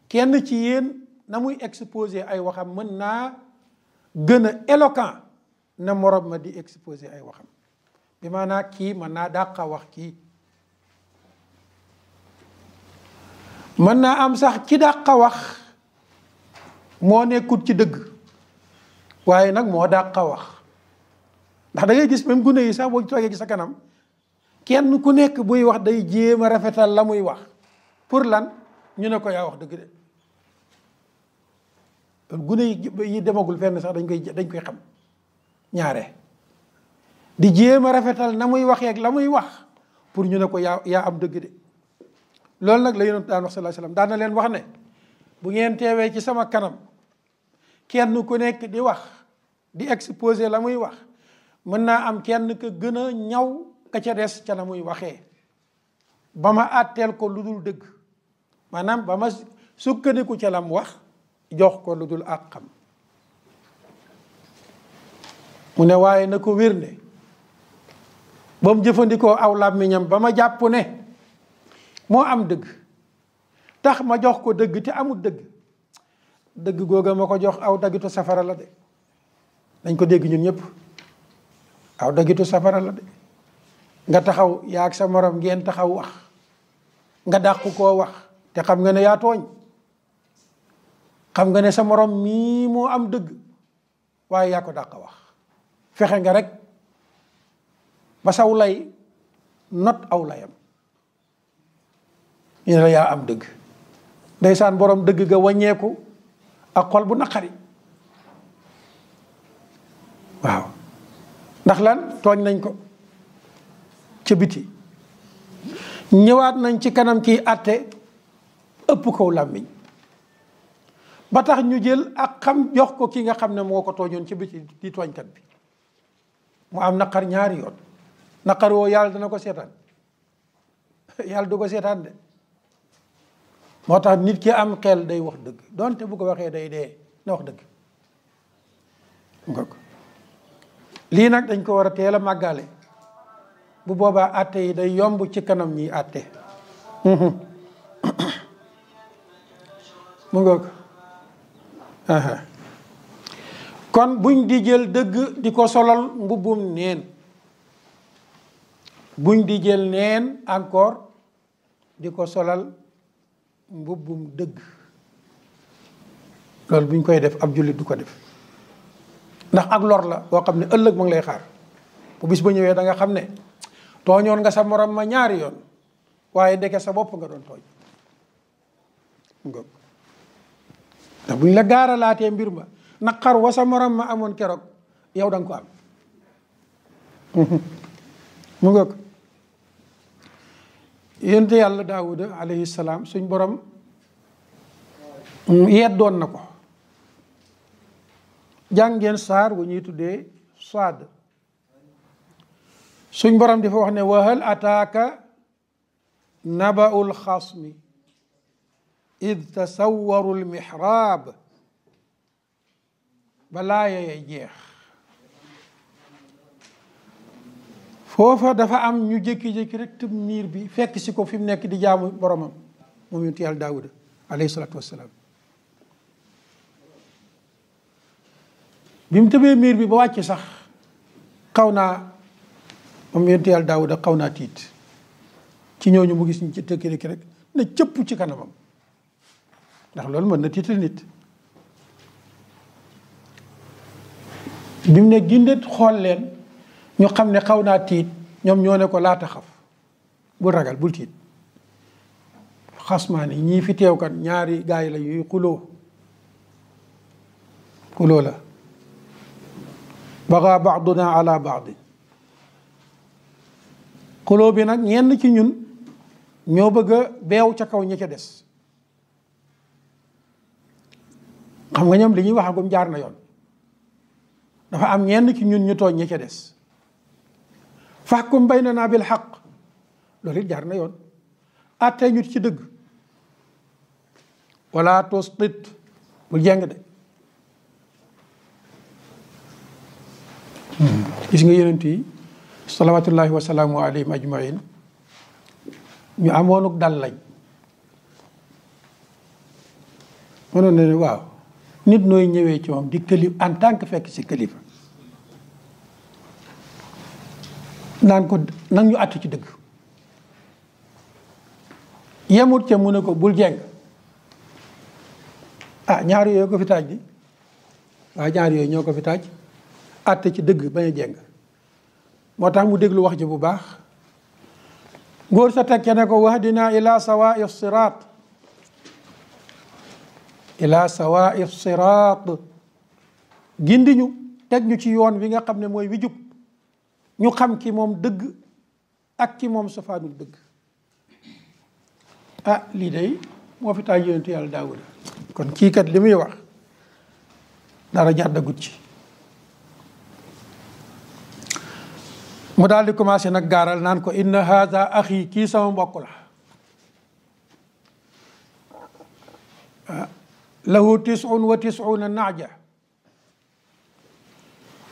kenn ci yéen na muy exposé ay waxam mën naa gën a éloquent na morom ma di exposé ay waxam bi ma naa kii mën naa dàqa wax kii mën naa am sax ki dàqa wax moo nekkut ci dëgg waaye nag moo dàqa wax ndax da gis même gune yi sax boo toogee ci sa kanam kenn ku nekk buy wax day jéem a rafetal la muy wax pour lan ñu ne ko yaa wax dëgg de gune yi demagul fenn sax dañ koy dañ koy xam ñaare di jéem a rafetal na muy wax ak la muy wax pour ñu ne ko yaa yaa am dëgg de loolu nag la yonent daan wax sallallahu alayhi wasallam daan na leen wax ne bu ngeen teewee ci sama kanam kenn ku nekk di wax di exposé la muy wax mën naa am kenn ka gën a ñaw ka ca des ca na muy waxee ba ma àtteel ko lu dul dëgg maanaam ba ma sukkandiku ca lam wax jox ko lu dul àqam mu ne waaye na ko wér ne ba jëfandikoo aw làmmiñam ba ma jàpp ne moo am dëgg tax ma jox ko dëgg te amul dëgg dëgg googa ma ko jox aw daggitu safara la de dañ ko dégg ñun ñëpp aw daggitu safara la de nga taxaw yaa sa moroom ngeen taxaw wax nga dàqu koo wax te xam nga ne yaa tooñ xam nga ne sa moroom mii moo am dëgg waaye yaa ko dàq wax fexe nga rek ba saw lay not aw layam ne la yaa am dëgg saan borom dëgg ga wàññeeku ak xol bu naqari waaw ndax lan tooñ nañ ko ca biti ñëwaat nañ ci kanam ki àtte ëpp kaw làmmiñ ba tax ñu jël ak xam jox ko ki nga xam ne moo ko tooñoon ca biti di bi mu am naqar ñaari yoon naqar woo yàlla dana ko seetaan <laughs> yàlla du ko seetaan de moo tax nit ki am xel day wax dëgg donte bu ko waxee day dee na wax dëgg lii nag dañ ko war a teel a màggaale bu boobaa atte yi day yomb ci kanam ñiy atte mm-hmm. <coughs> mu ngoog kon buñ di jël dëgg di ko solal mbubbum neen buñ di jël neen encore di ko solal mbubbum dëgg loolu buñ koy def ab jullit du ko def ndax ak lor la boo xam ne ëllëg ma ngi lay xaar bu bis ba ñëwee da nga xam ne tooñoon nga sa morom ma ñaari yoon waaye ndeke sa bopp nga doon tooñ ngoog ndax buñ la gaaralaatee mbir ma naqar wa sa morom ma amoon keroog yow da ko am <laughs> mu ngoog yonent yàlla daawuda alayhi salaam suñ borom yeddoon na ko jàngeen saar wu ñuy tuddee Saad suñ borom dafa wax ne wahal ataaka nabaul xasmi id tasawaru lmixraab ba laayay jeex foofa dafa am ñu jékki-jékki rek tëb niir bi fekk si ko fi mu nekk di jaamu boromam moom yonent yàlla daawuda alayhi salaatu wassalaam bi mu tëbee miir bi ba wàcc sax xaw naa moom yonent yàlla daawuda xaw naa tiit ci ñooñu mu gis ñu ci tëkkiriki na cëpp ci kanamam ndax loolu mën na tiital nit bi mu ne gindeet xool leen ñu xam ne xaw naa tiit ñoom ñoo ne ko laata taxaf bu ragal bul tiit xasmaani ñii fi teew kan ñaari gaay yi la yuy xuloo xuloo la bagaa baaduna ala baadin xuloo bi nag ñenn ci ñun ñoo bëgg a beew ca kaw ña ca des xam nga ñoom li ñuy waxagum jaar na yoon dafa am ñenn ci ñun ñu tooñ ña ca des fahkum na bil xaq loolu it jaar na yoon attee ñu ci dëgg wala tustit bul jeng de hmm. gis nga yeneen yi salawaatullahi wa salaamu alayhim ajmain ñu amoonuk dal lañ mënoon na ne waaw nit nooy ñëwee ci moom di këlif en tant que fekk si këlifa naan ko nang ñu àttu ci dëgg yemut ca mu ne ko bul jeng ah ñaar yooyu ko fi taaj di waaw ñaar yooyu ñoo ko fi taaj àtte ci dëgg bañ jeng moo tax mu déglu wax ji bu baax góor sa tekke ne ko wahdina ila sawaai siraat ila sawaai siraat gindi ñu teg ñu ci yoon wi nga xam ne mooy wi jub ñu xam ki moom dëgg ak ki moom safaanul dëgg ah lii day moo fi taaj yonentu yàlla daawuda kon kii kat li muy wax dara jàddagut ci mu daal di commencé nag gaaral naan ko inna haza axi kii sama mbokk la lahu tisun wa tisuna naaja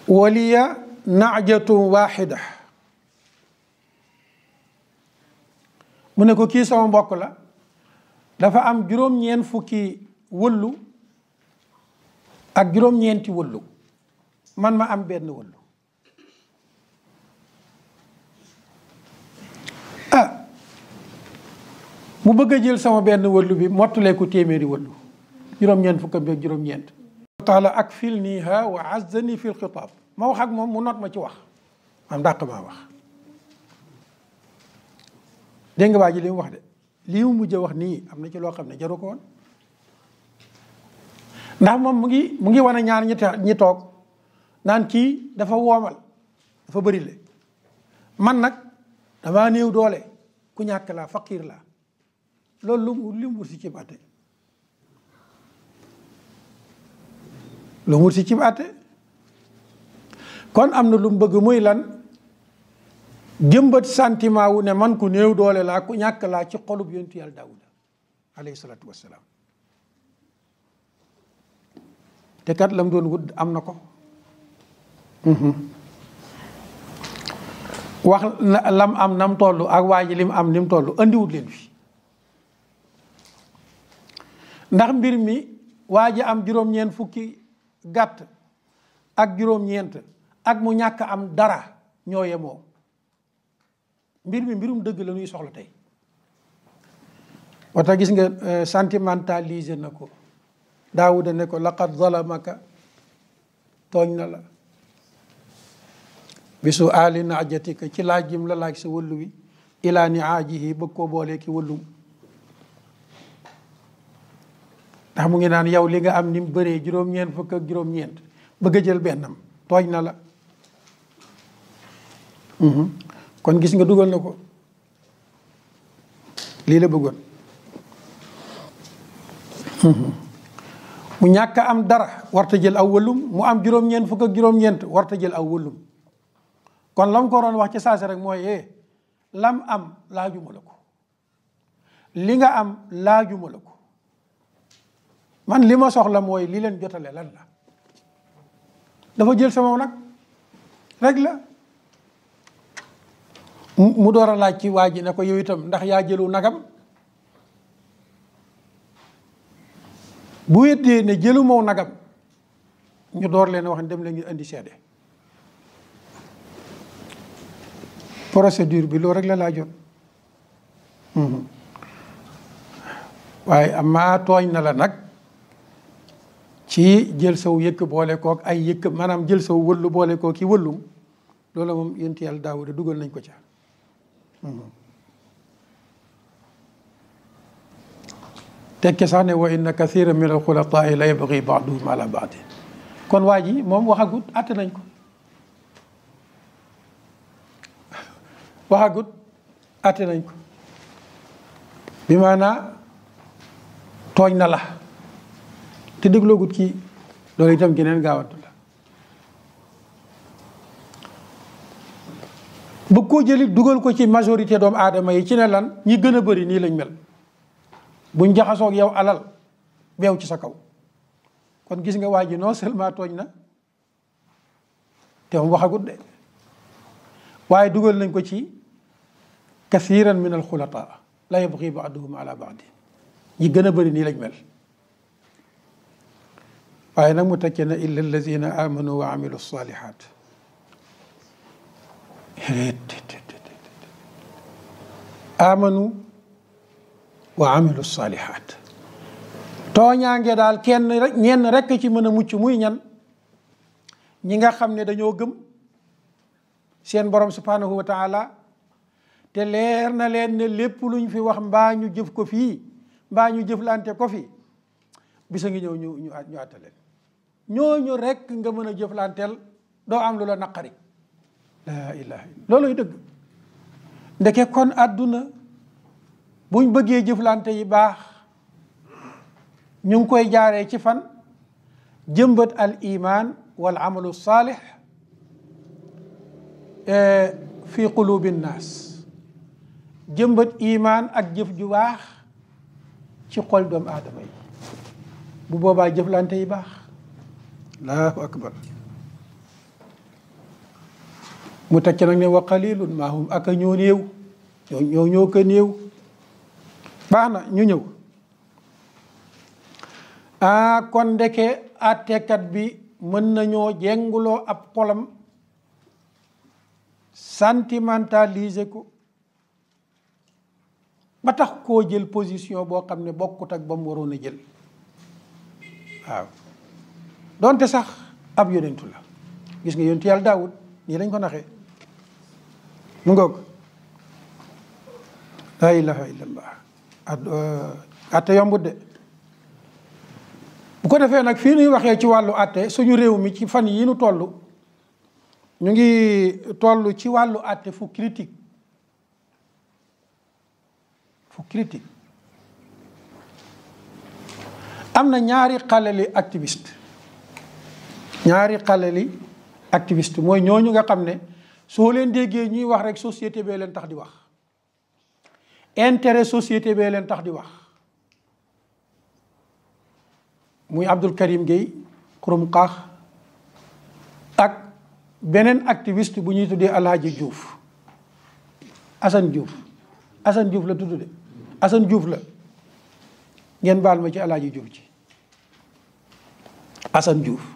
waliya naajatun waxida mu ne ko kii sama mbokk la dafa am juróom-ñeent fukki wëllu ak juróom-ñeenti wëllu man ma am benn wëllu mu bëgg a jël sama benn wëllu bi mottalee ko téeméeri wëllu juróom-ñeent fukk ak juróom-ñeent taala ak ak moom mu noot ma ci wax am dàq maa wax dégg nga waa ji wax de lii mu mujj wax nii am na ci loo xam ne jaru ko ndax moom mu ngi mu ngi wane ñaar ñi ñi toog naan kii dafa woomal dafa bërile man nag damaa néew doole ku ñàkk laa fakiir la loolu lu wut si cib àtte lu wut si cib àtte kon am na lu mu bëgg muy lan jëmbat sentiment wu ne man ku néew doole laa ku ñàkk laa ci xolub yontu yàlla daawuda alayhi salaatu wassalaam te kat lam doon wut am na ko mhm. wax lam am nam toll ak waa ji lim am lim toll andiwut leen fi ndax mbir mi waa ji am juróom-ñeent fukki gàtt ak juróom-ñeent ak mu ñàkk am dara ñoo yemoo mbir mi mbirum dëgg la ñuy soxla tey wata gis nga euh, sentimentalisé na ko daawuda ne ko laqad zalamaka tooñ na la bisu aali naajatika ci laaj jim la laaj sa wëllu wi ilaa ni aajihi bëgg koo boolee ki wëllum ndax mu ngi naan yow li nga am ni mu bëree juróom-ñeent fukk ak juróom bëgg a jël bennam tooñ na la mhm. kon gis nga dugal na ko lii la bëggoon mhm. mu ñàkk am dara warta jël aw wëllum mu am juróom-ñeent fukk ak juróom-ñeent warta jël aw wëllum kon lam ko doon wax ci saasi rek mooy eh lam am laa la ko li nga am laajuma la ko man li ma soxla mooy lii leen jotale lan la dafa jël sama nag rek la mu door a laaj ci waa ji ne ko yow itam ndax yaa jëlu nagam bu weddee ne jëlu nagam ñu door leen wax dem leen ñu indi seede procédure bi loolu rek la laajoon hmm. waaye amaa tooñ na la nag ci jël saw yëkk boole kook ay yëkk maanaam jël saw wëllu boole kook ki wëllum loola moom yonent yàlla daawuda dugal nañ ko ca hmm. tekke sax ne wa inna kathira min al xulataa la yabgi baaduhum ala baadi kon waa ji moom waxagut atte nañ ko waxagut atte nañ ko bi maanaa tooñ na la te dégloogut kii loolu itam geneen gaawantu la bëgg koo jëli dugal ko ci majorité doom aadama yi ci ne lan ñi gën a bëri nii lañ mel buñ jaxasoog yow alal beew ci sa kaw kon gis nga waa ji non seulement tooñ na te moom waxagut de waaye dugal nañ ko ci kasiran min al xulataa la yabxi baaduhum ala baadi ñi gën a bëri nii lañ mel waaye nag mu tekkee na illa allazina amanu wa amilu salihat amanu wa amilu salihat tooñaange daal kenn rek ñenn rek ci mën a mucc muy ñan ñi nga xam ne dañoo gëm seen borom subhanahu wa taala te leer na leen ne lépp luñ fi wax mbaa jëf ko fii mbaa ñu jëflante ko fi bisa ngi ñëw ñu ñu ñooñu rekk nga mën a jëflanteel doo am lu naqari la ilaha illa dëgg ndeke kon àdduna buñ bëggee jëflante yi baax ñu ngi koy jaaree ci fan jëmbët al iman wal amalu saalix eh, fi qulubi nnaas jëmbat iman ak jëf ju baax ci xol doomu aadama yi bu boobaa jëflante yi baax allahu akbar mu teg ci nag ne wa qalilun maahum ak ñoo néew ñoo ñoo ñoo ko néew baax ñu ñëw ah kon ndeke àtteekat bi mën nañoo jenguloo ab xolam sentimentaliser ko ba tax koo jël position boo xam ne bokkut ak ba mu waroon jël donte sax ab yonentu gis nga yonentu yàlla daawud nii lañ ko naxee mu ngoog laa ilaha uh, yombut de bu ko defee nag fi nuy waxee ci wàllu atte suñu réew mi ci fan yii nu tollu ñu ngi toll ci wàllu atte fu critique fu critique am na ñaari xaleli activist ñaari xale li activiste mooy ñooñu nga xam ne soo leen déggee ñuy wax rek société bee leen tax di wax intérêt société bee leen tax di wax muy Abdul Karim Gueye xurum xaax ak beneen activiste bu ñuy tuddee Alhaji Diouf Assane Diouf Assane Diouf la tudd de Assane Diouf la ngeen baal ma ci Alhaji Diouf ci Assane juuf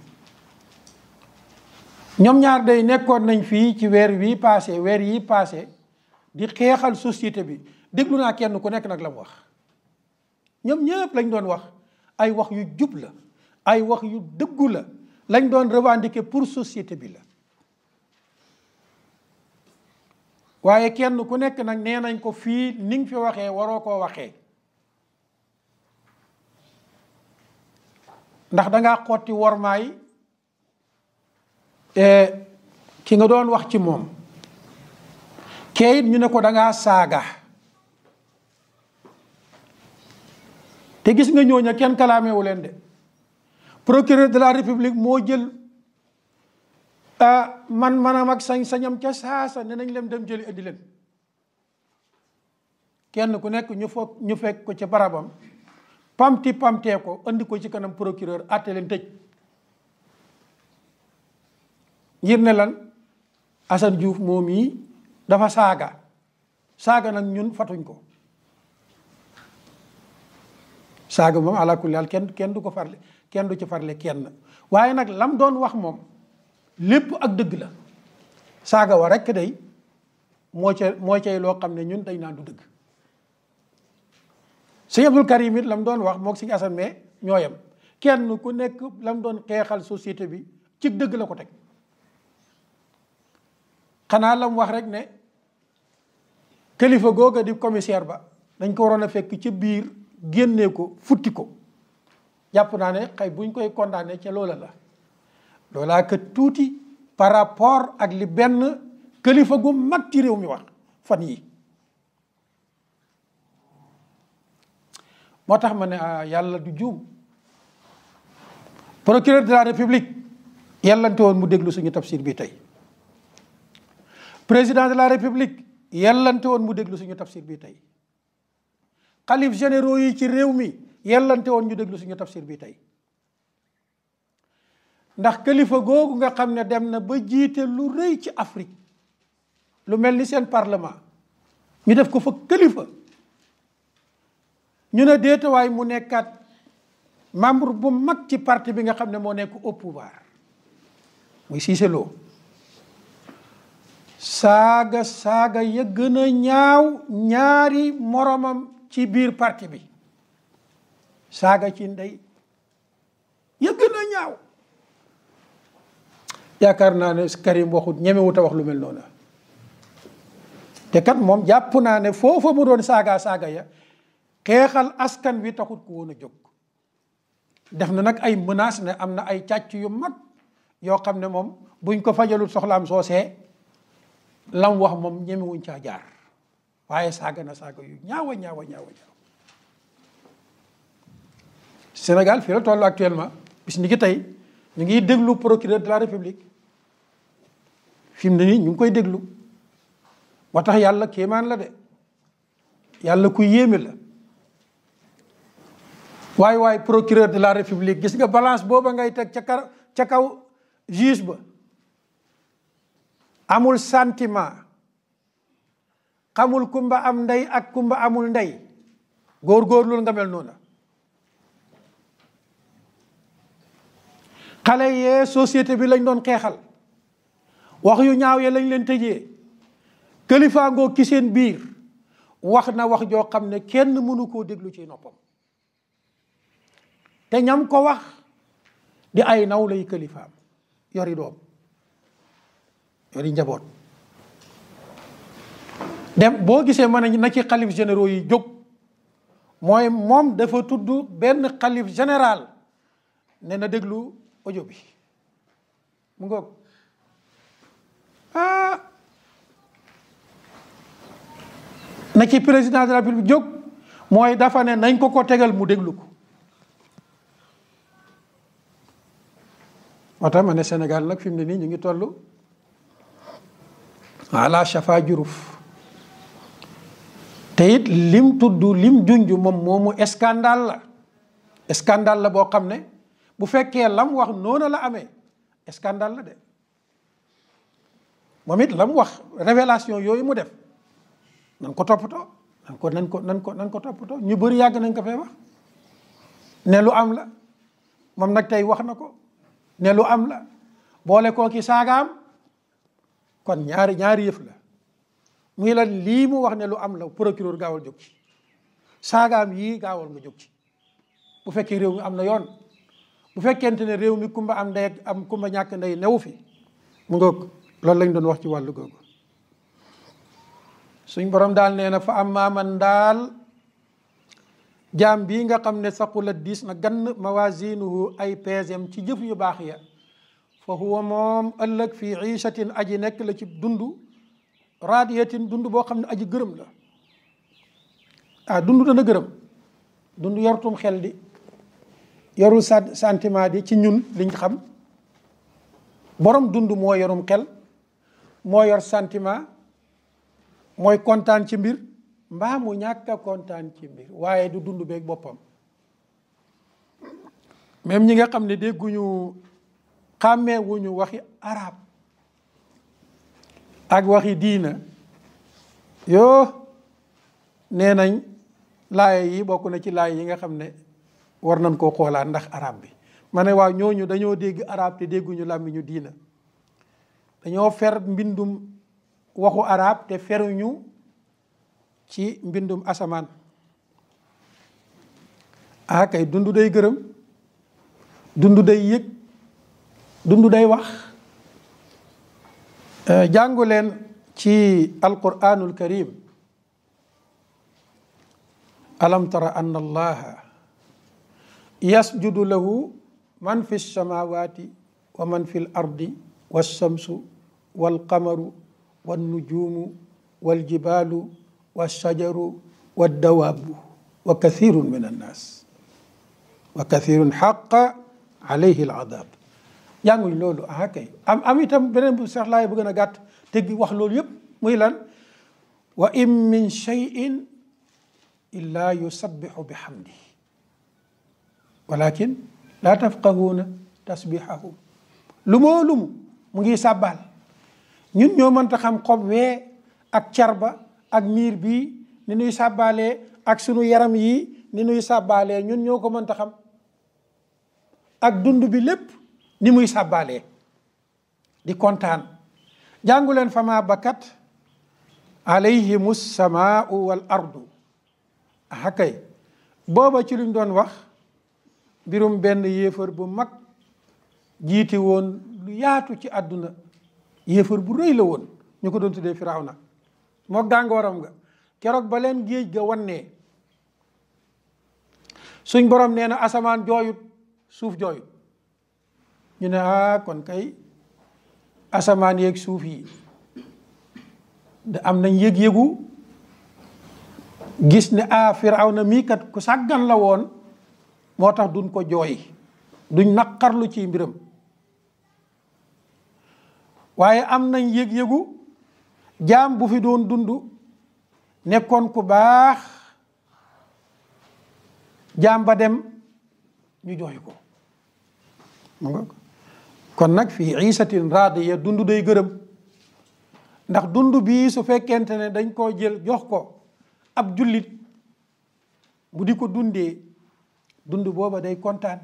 ñoom ñaar day nekkoon nañ fii ci weer wii paase weer yi passé di xeexal société bi déglu naa kenn ku nekk nag la mu wax ñoom ñëpp lañ doon wax ay wax yu jub la ay wax yu dëggu la lañ doon revendiquer pour société bi la waaye kenn ku nekk nag nee nañ ko fii ni fi waxee waroo koo waxee ndax danga xotti wormaay ki nga doon wax ci moom kayit ñu ne ko dangaa saaga te gis nga ñooña kenn kalaamewu leen de procureur de la république moo jël a man manam ak sañ-sañam ca saasa ne nañ leen dem jëli indi leen kenn ku nekk ñu foog ñu fekk ko ci barabam pamti pamtee ko indi ko ci kanam procureur àtte leen tëj ngir ne lan Assane Diouf moom yi dafa saaga saaga nag ñun fatuñ ko saaga moom ala kulli kenn kenn du ko farle kenn du ci farle kenn waaye nag lam doon wax moom lépp ak dëgg la saaga wa rekk day moo ca moo cay loo xam ne ñun dañ naan du dëgg sëñ Abdul Karim it lam doon wax moog si Assane me ñooyam kenn ku nekk lam doon xeexal societé bi ci dëgg la ko teg xanaa lam wax rek ne kilifa googa di commissaire ba dañ ko waroon a fekk ca biir génne ko futti ko jàpp naa ne xëy buñ koy condamné ca loola la loolaa que tuuti par rapport ak li benn kilifa gu mag ci réew mi wax fan yi moo tax ma ne ah, yàlla du juum procureur de la république yàllante woon mu déglu suñu tafsir bi tey président de la république yellante woon mu déglu suñu tafsir bi tey xalif généraux yi ci réew mi yellante woon ñu déglu suñu tafsir bi tey ndax kilifa googu nga xam ne dem na ba jiite lu rëy ci Afrique lu mel ni seen parlement ñu def ko fa kilifa ñu ne déetawaay mu nekkaat membre bu mag ci partie bi nga xam ne moo nekk au pouvoir muy Cissé Lo saaga saaga ya gën ñaaw ñaari moromam ci biir parti bi saaga ci ndey ya na ñaaw yaakaar naa ne Karim waxut ñemewut wax lu mel noonu te kat moom jàpp naa ne foofa mu doon saaga saaga ya xeexal askan wi taxut ko woon a jóg def na nag ay mënaas ne am na ay càcc yu mag yoo xam ne moom buñ ko fajalul soxlaam soose lam wax moom ñemewuñ caa jaar waaye saaga na saaga yu ñaawa ñaawa ñaawa ñaawa Sénégal fii la toll actuellement bis ni tey ñu ngi déglu procureur de la république fi ne nii ñu ngi koy déglu moo tax yàlla kéemaan la de yàlla ku yéeme la waaye waaye procureur de la république gis nga balance booba ngay teg ca kaw ca kaw juge ba amul sentiment xamul kumba am ndey ak kumba amul ndey góorgóorlu nga mel noonu xale yee société bi lañ doon xeexal wax yu ñaaw yee lañ leen tëjee këlifaangoo ki seen biir wax na wax joo xam ne kenn mënu koo déglu ci noppam te ñam ko wax di ay naw lay këlifaam yori doom yori njaboot dem boo gisee ma ne na ci xalif généraux yi jóg mooy moom dafa tudd benn xalif général ne na déglu audio bi mu ngoog ah na ci président de la République jóg mooy dafa ne nañ ko ko tegal mu déglu ko moo ma ne Sénégal nag fi ne nii ñu ngi tollu ala shafa juruf te it lim tudd lim junj moom moomu scandale la scandale la boo xam ne bu fekkee lam wax noona la amee scandale la de moom it lam wax révélation yooyu mu def nan ko toppatoo nan ko nan ko nan ko nan ko toppatoo ñu bëri yàgg nañ ko fee wax ne lu am la moom nag tey wax na ko ne lu am la boole koo ki saagaam kon ñaari ñaari yëf la muy la lii mu wax ne lu am la procureur gaawal jóg ci saagaam yii gaawal nga jóg ci bu fekkee réew mi am na yoon bu fekkente ne réew mi kumba am ndey am kumba ñàkk ndey new fi mu ngoog loolu lañ doon wax ci wàllu googu suñ borom daal nee na fa amma man daal jaam bii nga xam ne saqulat diis na gann mawazinuhu ay peesem ci jëf yu baax ya fa huwa moom ëllëg fii iishatin aji nekk la ci dund raadiyatin dund boo xam ne aji gërëm la ah dund dana gërëm dund yarutum xel di yarul santiment di ci ñun liñ xam borom dund moo yorum xel moo yor santiment mooy kontaan ci mbir mbaa mu ñàkk kontaan ci mbir waaye du dundu beeg boppam même ñi xam ne dégguñu xàmmee wuñu waxi arab ak waxi diina yoo nee nañ laaya yi bokk na ci laaya yi nga xam ne war nañ koo xoolaat ndax arab bi ma ne ñooñu dañoo dégg arab te dégguñu làmmiñu diina dañoo fer mbindum waxu arab te feruñu ci mbindum asamaan ah kay dund day gërëm dund day yëg dund day wax euh, jàngu leen ci alquranul karim alam tara anna allaha yasjudu lahu man fi lsamawati wa man fi l ardi walchamsu walqamaru walnujumu waljibalu walshajaru waddawaabu wa kathirun min annas wa kathirun xaqa alayhi aladab jànguñ loolu ah am itam beneen bu sax laay bëgg na gàtt te wax loolu yëpp muy lan wa in min cheyin illa yusabixu bi xamdi walakin laa tafqahuuna tasbixahum lumoo lumu mu ngi sàbbaal ñun ñoo mënta xam xob wee ak carba ak miir bi ni nuy sàbbaalee ak sunu yaram yi ni nuy sàbbaalee ñun ñoo ko mënta xam ak dund bi lépp ni muy sàbbaalee di kontaan jànguleen fama bakat alayhimu samaau wal ardu ahakay booba ci luñ doon wax mbirum benn yéefar bu mag jiiti woon lu yaatu ci àdduna yéefar bu rëy la woon ñu ko doon tuddee na moo gàngooram nga keroog ba leen géej ga wannee suñ borom nee na asamaan jooyut suuf jooyut ñu ne ah kon kay asamaan yéeg suuf yi da am nañ yëg-yëgu gis ne ah Firawna mii kat ku sàggan la woon moo tax duñ ko jooy duñ naqarlu ci mbiram waaye am nañ yëg-yëgu jaam bu fi doon dund nekkoon ku baax jaam ba dem ñu jooy ko kon nag fii iisatin raadiya dund day gërëm ndax dund bii su fekkente ne dañ koo jël jox ko ab jullit bu di ko dundee dund booba day kontaan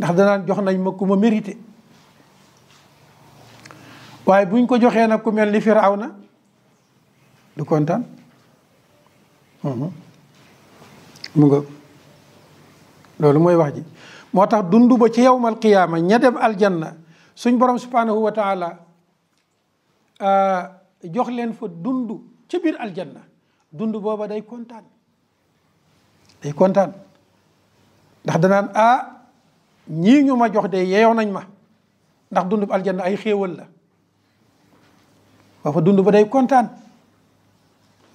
ndax danaan jox nañ ma ku mérité waaye buñ ko joxee nag ku mel ni na du kontaan mhm. mu nga loolu mooy wax ji moo tax dund ba ci yowmal qiyaama ña dem aljanna suñ borom subhaanahu wa taala euh, jox leen fa dund ci biir aljanna dund booba day kontaan day kontaan ndax danaan ah ñii ñu ma jox de yeeyoo nañ ma ndax dundu bu aljanna ay xéewal la foofa dund ba day kontaan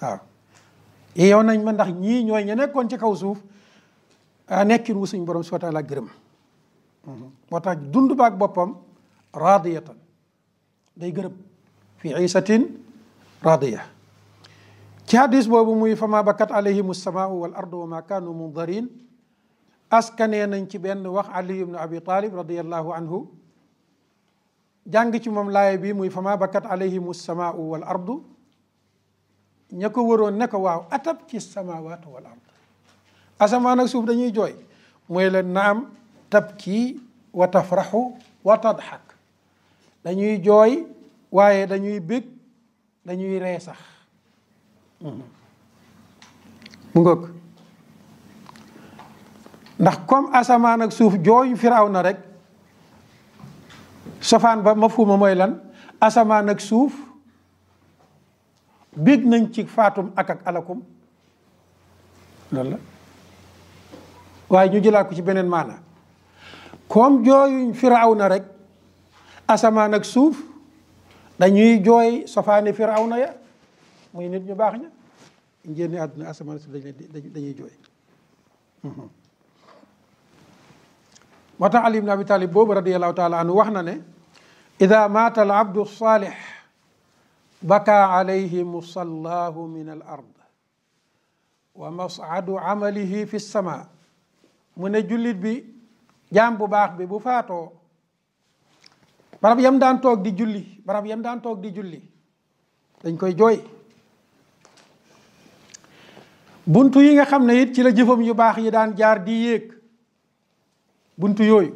waaw yeeyoo nañ ma ndax ñii ñooy ña nekkoon ci kaw suuf Ah, nekkin wu suñu borom si wataala gërëm mhm. boppam raadiyatan day gërëm fi iisatin raadiya ci hadis boobu muy fama bakat alayhim alsamaau wal ardu wa ma kaanu mundarin askanee nañ ci benn wax ali ibnu abi talib radiallahu anhu jàng ci moom laaya bi muy fama bakat alayhim alsamaau wal ardu ña ko waroon ne ko waaw atab ci samawatu wal ard asamaan ak suuf dañuy jooy mooy naam tabki wa tafraxu wa dañuy jooy waaye dañuy bég dañuy ree sax hmm. mu ndax comme asamaan ak suuf jooyu firaw na rek sofaan ba ma fuuma mooy lan asamaan ak suuf bég nañ ci faatum akak ak alakum waaye ñu jëlaat ko ci beneen maana comme jooyuñ firawna rek asamaan ak suuf dañuy jooy sofaani firawna ya muy nit ñu baax ña njénne àdduna asamaan suuf dañuy jooy moo tax ali abi talib boobu radiallahu taala anhu wax na ne ida maata al abdu salih baka alayhi musallahu min al wa mas'adu amalihi fi lsama mu ne jullit bi jaam bu baax bi bu faatoo barab yam daan di julli barab yam daan toog di julli dañ koy jooy buntu yi nga xam ne it ci la jëfam yu baax yi daan jaar di yéeg buntu yooyu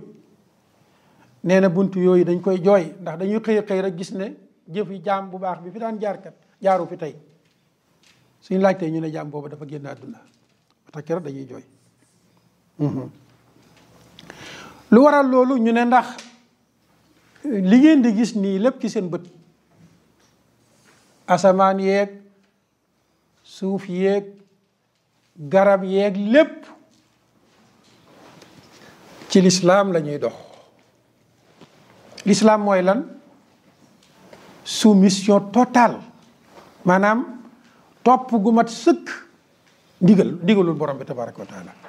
nee na buntu yooyu dañ koy jooy ndax dañuy xëy xëy rek gis ne jëf yi jaam bu baax bi fi daan jaar kat jaaru fi tey suñu laajtee ñu ne jaam boobu dafa génn àdduna ba tax dañuy jooy lu waral loolu ñu ne ndax li ngeen di gis nii lépp ci seen bët asamaan yeeg suuf yeeg garab yeeg lépp ci lislaam la ñuy dox lislaam mooy lan soumission totale maanaam topp gu mat sëkk ndigal ndigalul borom bi tabaraka wa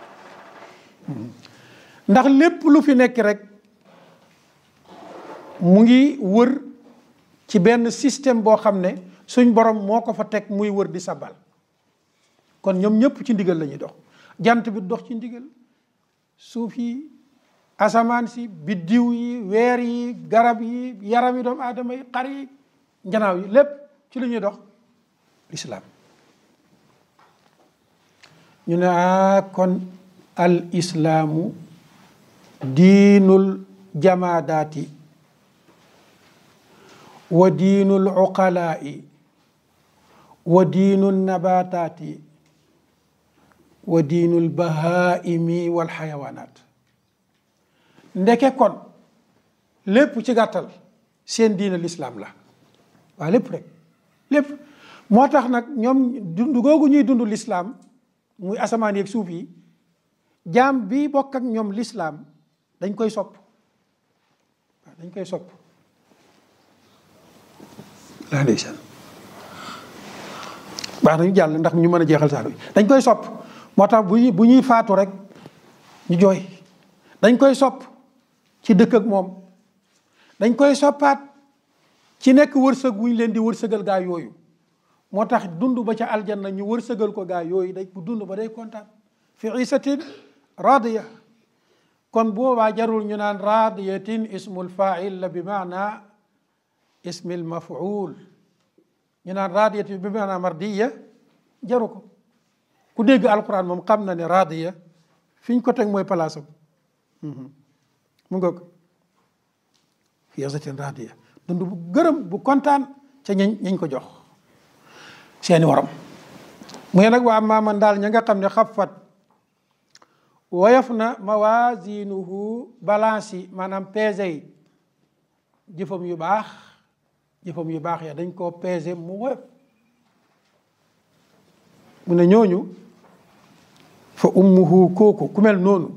ndax lépp lu fi nekk rek mu ngi wër ci benn système boo xam ne suñ borom moo ko fa teg muy wër di sabal kon ñoom ñëpp ci ndigal lañuy dox jant bi dox ci ndigal suuf yi asamaan si biddiw yi weer yi garab yi yaram yi doomu aadama yi xar yi njanaaw yi lépp ci lu ñuy dox lislaam ñu ne ah kon al islaamu diinul jamaadaati wa diinul uqalaa'i wa diinul nabaataati wa diinul bahaa'imi wal xayawaanaat ndeke kon lépp ci gàttal seen diina lislaam la waaw lépp rek lépp moo tax nag ñoom ñuy dund lislaam muy asamaan yeeg suuf yi jaam bi bokk ak ñoom lislaam dañ koy sopp waaw dañ koy sopp laa ndeysaan baax nañu jàll ñu mën a jeexal saar dañ koy sopp moo tax bu bu ñuy faatu rek ñu jooy dañ koy sopp ci dëkk moom dañ koy soppaat ci nekk wërsëg wuñ leen di wërsëgal gaa yooyu moo tax dund ba ca na ñu wërsëgal ko gaa yooyu day bu dund ba day kontaan fi isatin raadiya kon boobaa jarul ñu naan raadiyatin ismul fail la bi maana ismil mafuul ñu naan raadiyatin bi maana mardiya jaru ko ku dégg alquran moom xam na ne raadiya fi ñu ko teg mooy palaaso am mhm. mu ngoog fi yasatin raadiya dund bu gërëm bu kontaan ca ñañ ko jox seeni waram mu ne nag waa maaman daal ña nga ne xafat woyof na mawazinuhu balance yi maanaam peese yi jëfam yu baax jëfam yu baax ya dañ koo peese mu woyof mu ne ñooñu fa ummuhu kooku ku mel noonu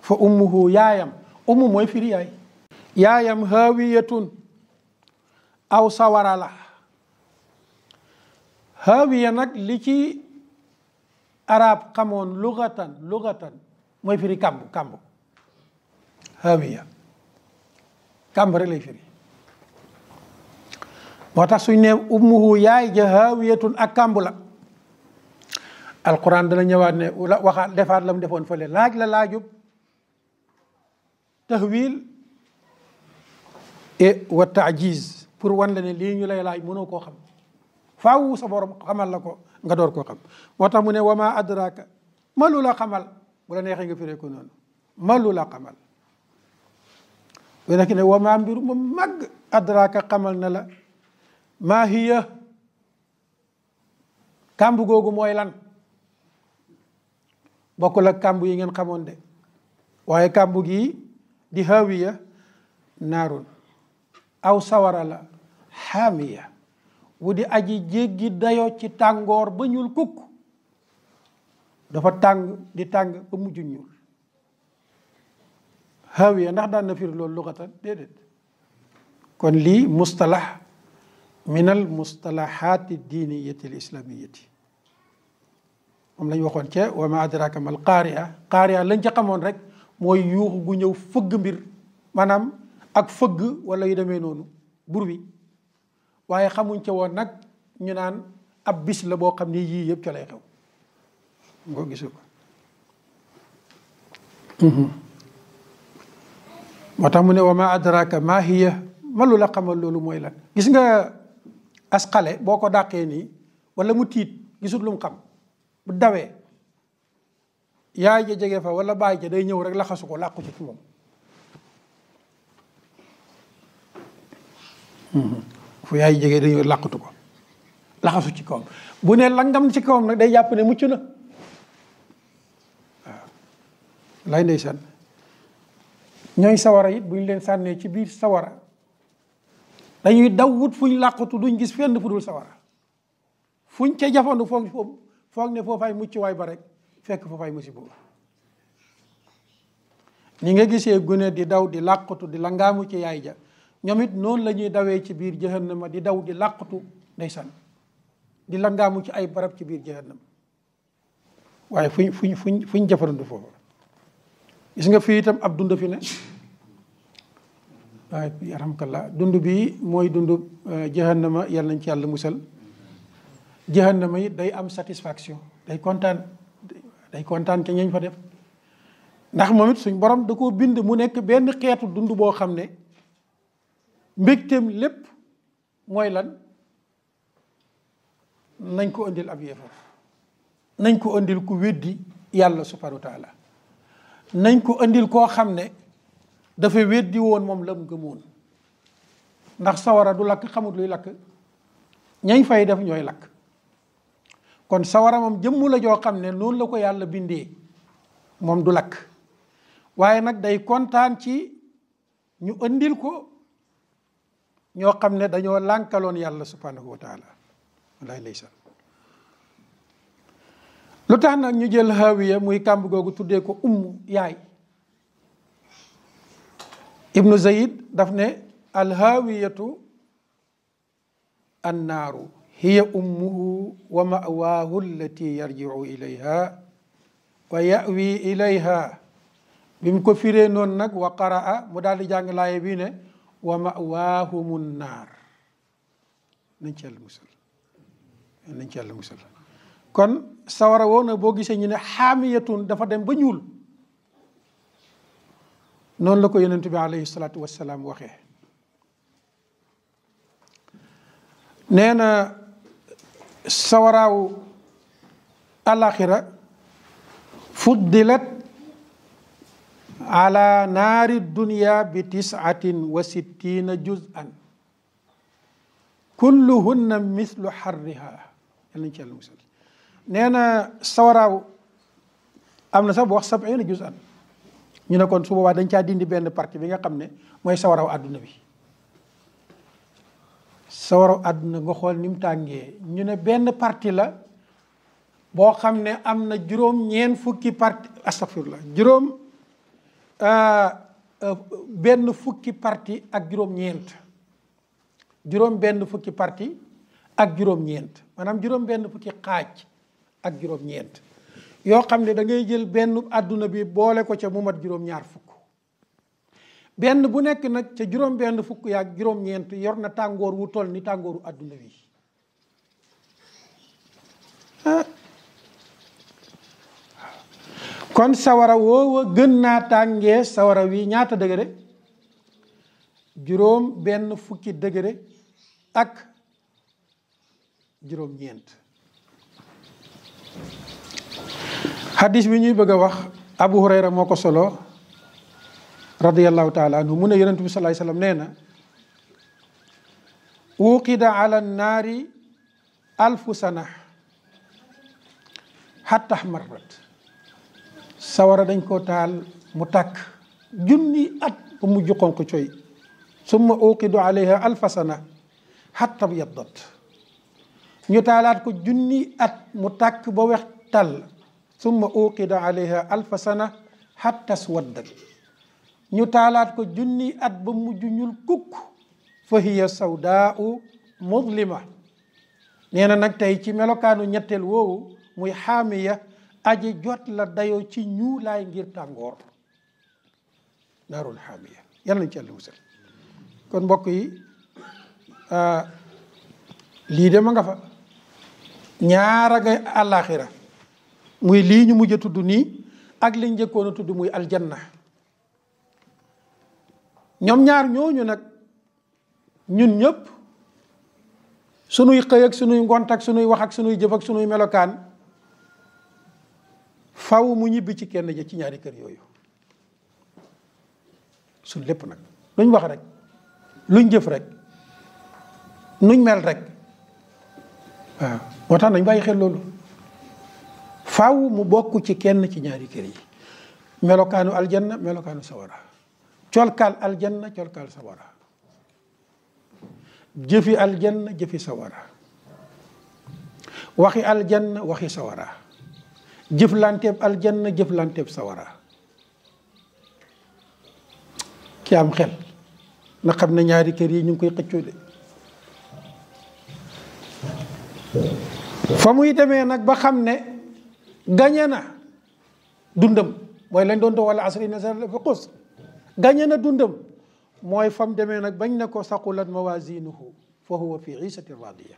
fa ummuhu yaayam ummu mooy firi yaay yaayam hawiyatun aw sawara la hawiya nag li arab xamoon lugatan lugatan mooy firi kàmb kàmb hawiya kàmb rek lay firi moo tax suñ ne ummuhu yaay ja hawiyatun ak kàmb la alquran dana ñëwaat ne waxaat defaat la mu defoon fële laaj la laajub tahwil et wa taajiz pour wan la ne lii ñu lay laaj mënoo koo xam faaw sa borom xamal la ko nga door ko xam moo tax mu ne wama ma adraka ma lu la xamal bu nga firee ko noonu ma lu la xamal bu nekk ne mu mag adraka xamal na la maa hiya kàmb googu mooy lan bokkul ak kàmb yi ngeen xamoon de waaye kàmb gi di hawiya naarun aw sawara la wu di aji jéggi dayoo ci tàngoor ba ñuul kukk dafa tàng di tàng ba mujj ñuul hawiya ndax daan na firi loolu luxatan déedéet kon lii mustalax min al mustalahaati diiniyati l islamiyati moom lañ waxoon ca wa ma adraka mal qaariya qaariya lañ ca xamoon rek mooy yuuxu gu ñëw fëgg mbir maanaam ak fëgg wala yu demee noonu bur wi waaye xamuñ ca woon nag ñu naan ab bis la boo xam ni yii yëpp ca lay xew ngoo gisu ko mm-hmm. moo tax mu ne woo ma adraka ma hiya ma lu la xamal loolu mooy la gis nga as boo ko dàqee nii wala mu tiit gisul lu xam bu dawee yaay ja jege fa wala baay ja day ñëw rek laxasu ko làqu ci ci fu yaay jege dañoo làqatu ko laxasu ci kawam bu ne langam ci kawam nag day jàpp ne mucc na waaw lay san ñooy sawara it bu ñu leen sànnee ci biir sawara dañuy daw wut fu ñu làqatu duñ gis fenn fu dul sawara fuñ ca jafandu foog foog ne foofaay mucc waay ba rek fekk foofaay musiba ni nga gisee gune di daw di làqatu di langaamu ci yaay ja ñoom it noonu la ñuy dawee ci biir jahannama di daw di làqatu ndeysaan di langaamu ci ay barab ci biir jahannama waaye fuñ fuñ fuñ fuñ jafarandu foofu gis nga fii tam ab dund fi ne dund bi mooy dund euh, jahannama yal nañ ci yàlla musal jahannama it day am satisfaction day kontaan day kontaan ca ñeñ fa def ndax moom it suñ borom da koo bind mu nekk benn xeetu dund boo xam ne mbégteem lépp mooy lan nañ ko indil ab yéefar nañ ko indil ku weddi yàlla subhanahu wa nañ ko indil koo xam ne dafa weddi woon moom la lam gëmoon ndax sawara du lakk xamut luy lakk ñañ fay def ñooy lakk kon sawara moom jëmmu la joo xam ne noonu la ko yàlla bindee moom du lakk waaye nag day kontaan ci ñu indil ko ñoo xam ne dañoo lànkaloon yàlla subhanahu wa taala walaay lu tax nag ñu jël hawiya muy kàmb googu tuddee ko ummu yaay ibnu zayid daf ne alhawiyatu annaaru hiya ummuhu wa mawaahu allati yarjiu ilayha wa yawi ilayha mu ko firee noon nag wa qaraa mu daal di jàng laaye bii ne wa mawaahumu naar nañ ci yàlla musal nañ ci yàlla musal kon sawara woo na boo gisee ñu ne xaamiyatun dafa dem ba ñuul noonu la ko yonent bi alayhi salaatu wassalaam waxee nee na sawaraaw alaxira fuddilat ala naari dunya bi tisaatin wa sittina juz'an kulluhunna mislu xarriha yal nañ ci yàlla musal nee na sawaraaw am na sax bu wax sabiina juz'an ñu ne kon su boobaa dañ caa dindi benn partie bi nga xam ne mooy sawaraaw àdduna bi sawaraaw àdduna nga xool ni mu tàngee ñu ne benn partie la boo xam ne am na juróom ñeen fukki partie astafirullah juróom Euh, euh, benn fukki parti ak juróom-ñeent juróom benn fukki parti ak juróom-ñeent maanaam juróom benn fukki xaaj ak juróom-ñeent yoo xam ne dangay jël benn àdduna bi boole ko ca mu mat juróom-ñaar fukk benn bu nekk nag ca juróom benn fukk yaa juróom-ñeent yor na tàngoor wu toll ni tàngooru àdduna bi kon sawara woowa gën naa tàngee sawara wi ñaata degré juróom benn fukki degré ak juróom ñeent xadis bi ñuy bëgg a wax abu hurayra moo ko solo radiallahu taala anhu mu ne yonent bi nee na wuqida ala naari alfu sana xatta xmarrat sawara dañ ko taal mu takk junni at ba mu juqoon ko coy summa uqidu alayha alfa sana hatta ñu taalaat ko junni at mu tàkk ba wex tàll summa uqida alayha alfa sana hatta ñu taalaat ko junni at ba mujj ñul kukk fa hiya sawdaau mudlima nee na nag tey ci melokaanu ñetteel woowu muy xaamiya aji jot la dayo ci ñuulaay ngir tàngoor naarul xaamiya yàlla nañ ci àlla kon mbokk yi lii de ma nga fa ñaara nga àllaaxira muy lii ñu mujj a tudd nii ak liñ njëkkoon a tudd muy aljanna ñoom ñaar ñooñu nag ñun ñëpp sunuy xëy ak sunuy ngont ak sunuy waxak ak sunuy jëf ak sunuy melokaan faw mu ñibbi ci kenn ja ci ñaari kër yooyu suñ lépp nag luñ wax rek luñ jëf rekk nuñ mel rekk waaw moo tax nañ bàyyi xel loolu faw mu bokk ci kenn ci ñaari kër yi melokaanu aljanna melokaanu sawara colkaal aljanna colkaal sawara jëfi al aljanna jëfi sawara waxi aljanna waxi sawaraa jëflanteeb aljanna jëflanteeb sawara ki am xel na xam ne ñaari kër yi ñu ngi koy xëccoo de fa muy demee nag ba xam ne gañe na dundam mooy lañ doon do wala asri na sa fa xus gañe na dundam mooy fam demee nag bañ ne ko saqulat mawazinuhu fa huwa fi isati radiya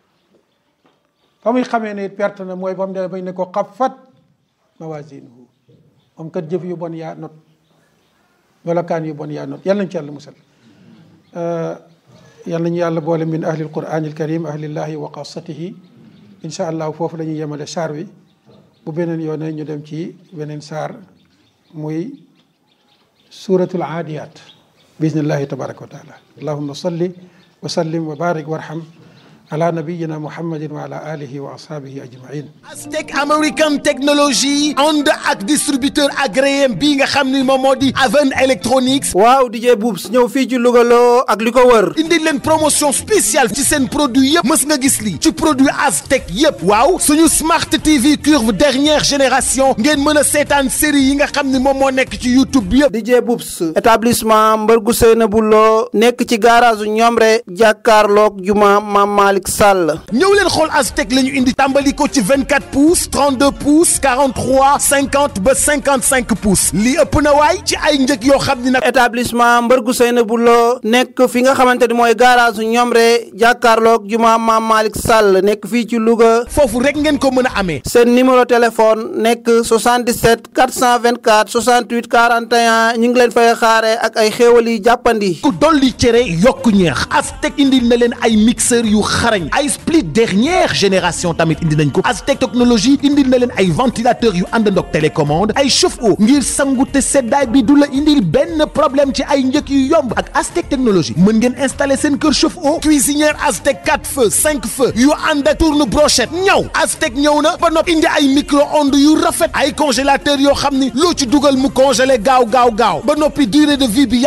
fa muy xamee ne perte na mooy fam demee bañ ne ko xafat mawasinuhu moom kat jëf yu bon yaa not melokaan yu bon yaa not yàlla nañ ci yàlla musal eh, yàlla nañu yàlla boole min ahlil qur'aanil karim ahlillahi wa xaasatihi incha allah foofu la ñuy yemale saar wi bu beneen yoone ñu dem ci beneen saar muy suratul aadiyaat bismillahi tabaraka wa taala allahumma salli wa sallim wa barik warham ala nabiyyina muhammadin wa ala alihi wa ashabihi ajmain Aztec American Technology ànd ak distributeur agréé bii nga xam ni moom moo di Aven Electronics waaw DJ Boubs ñëw fii ci Louga ak li ko wër indi leen promotion spéciale ci seen produit yëpp mës nga gis lii ci produit Aztec yëpp waaw suñu Smart TV curve dernière génération ngeen mën a seetaan série yi nga xam ni moom moo nekk ci YouTube yëpp DJ Boubs établissement Mbargu Seyna bu loo nekk ci garage ñoom rek jàkkaarloog juma Maam Malick Seck Sall ñëw leen xool Aztec la ñu indi tàmbali ko ci 24 pouces 32 pouces 43 50 ba 55 pouces lii ëpp na waay ci ay njëg yoo xam ni nag établissement Mbargu Seynabou Lo nekk fi nga xamante ni mooy garage Ñomre jàkkaarloog juma Maam Malick Sall nekk fii ci Louga foofu rek ngeen ko mën a amee seen numéro téléphone nekk 77 424 68 41 ñu ngi leen fay xaare ak ay xéewal yi jàppandi ku dolli cere yokku ñeex Aztec indi na leen ay mixeur yu xarañ ay split dernière génération tamit indi nañ ko Aztec technologie indil na leen ay ventilateur yu ànd ndoog télécommande ay chauffe-eau ngir sangu te seddaay bi du la indil benn problème ci ay njëkk yu yomb ak Aztec technologie mën ngeen installer seen kër chauffe-eau cuisinière Aztec quatre feux cinq feux yu ànd ak tourne brochette ñaw Aztec ñëw na ba nopp indi ay micro-ondes yu rafet ay congélateur yoo xam ni loo ci dugal mu congelé gaaw gaaw gaaw ba noppi durée de vie bi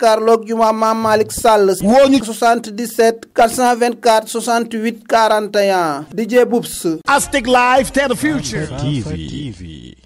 jàkkaarloog juma maam Malick Sall woo ñu 77 424 68 41 DJ Boubs Aztec Live Tell the Future TV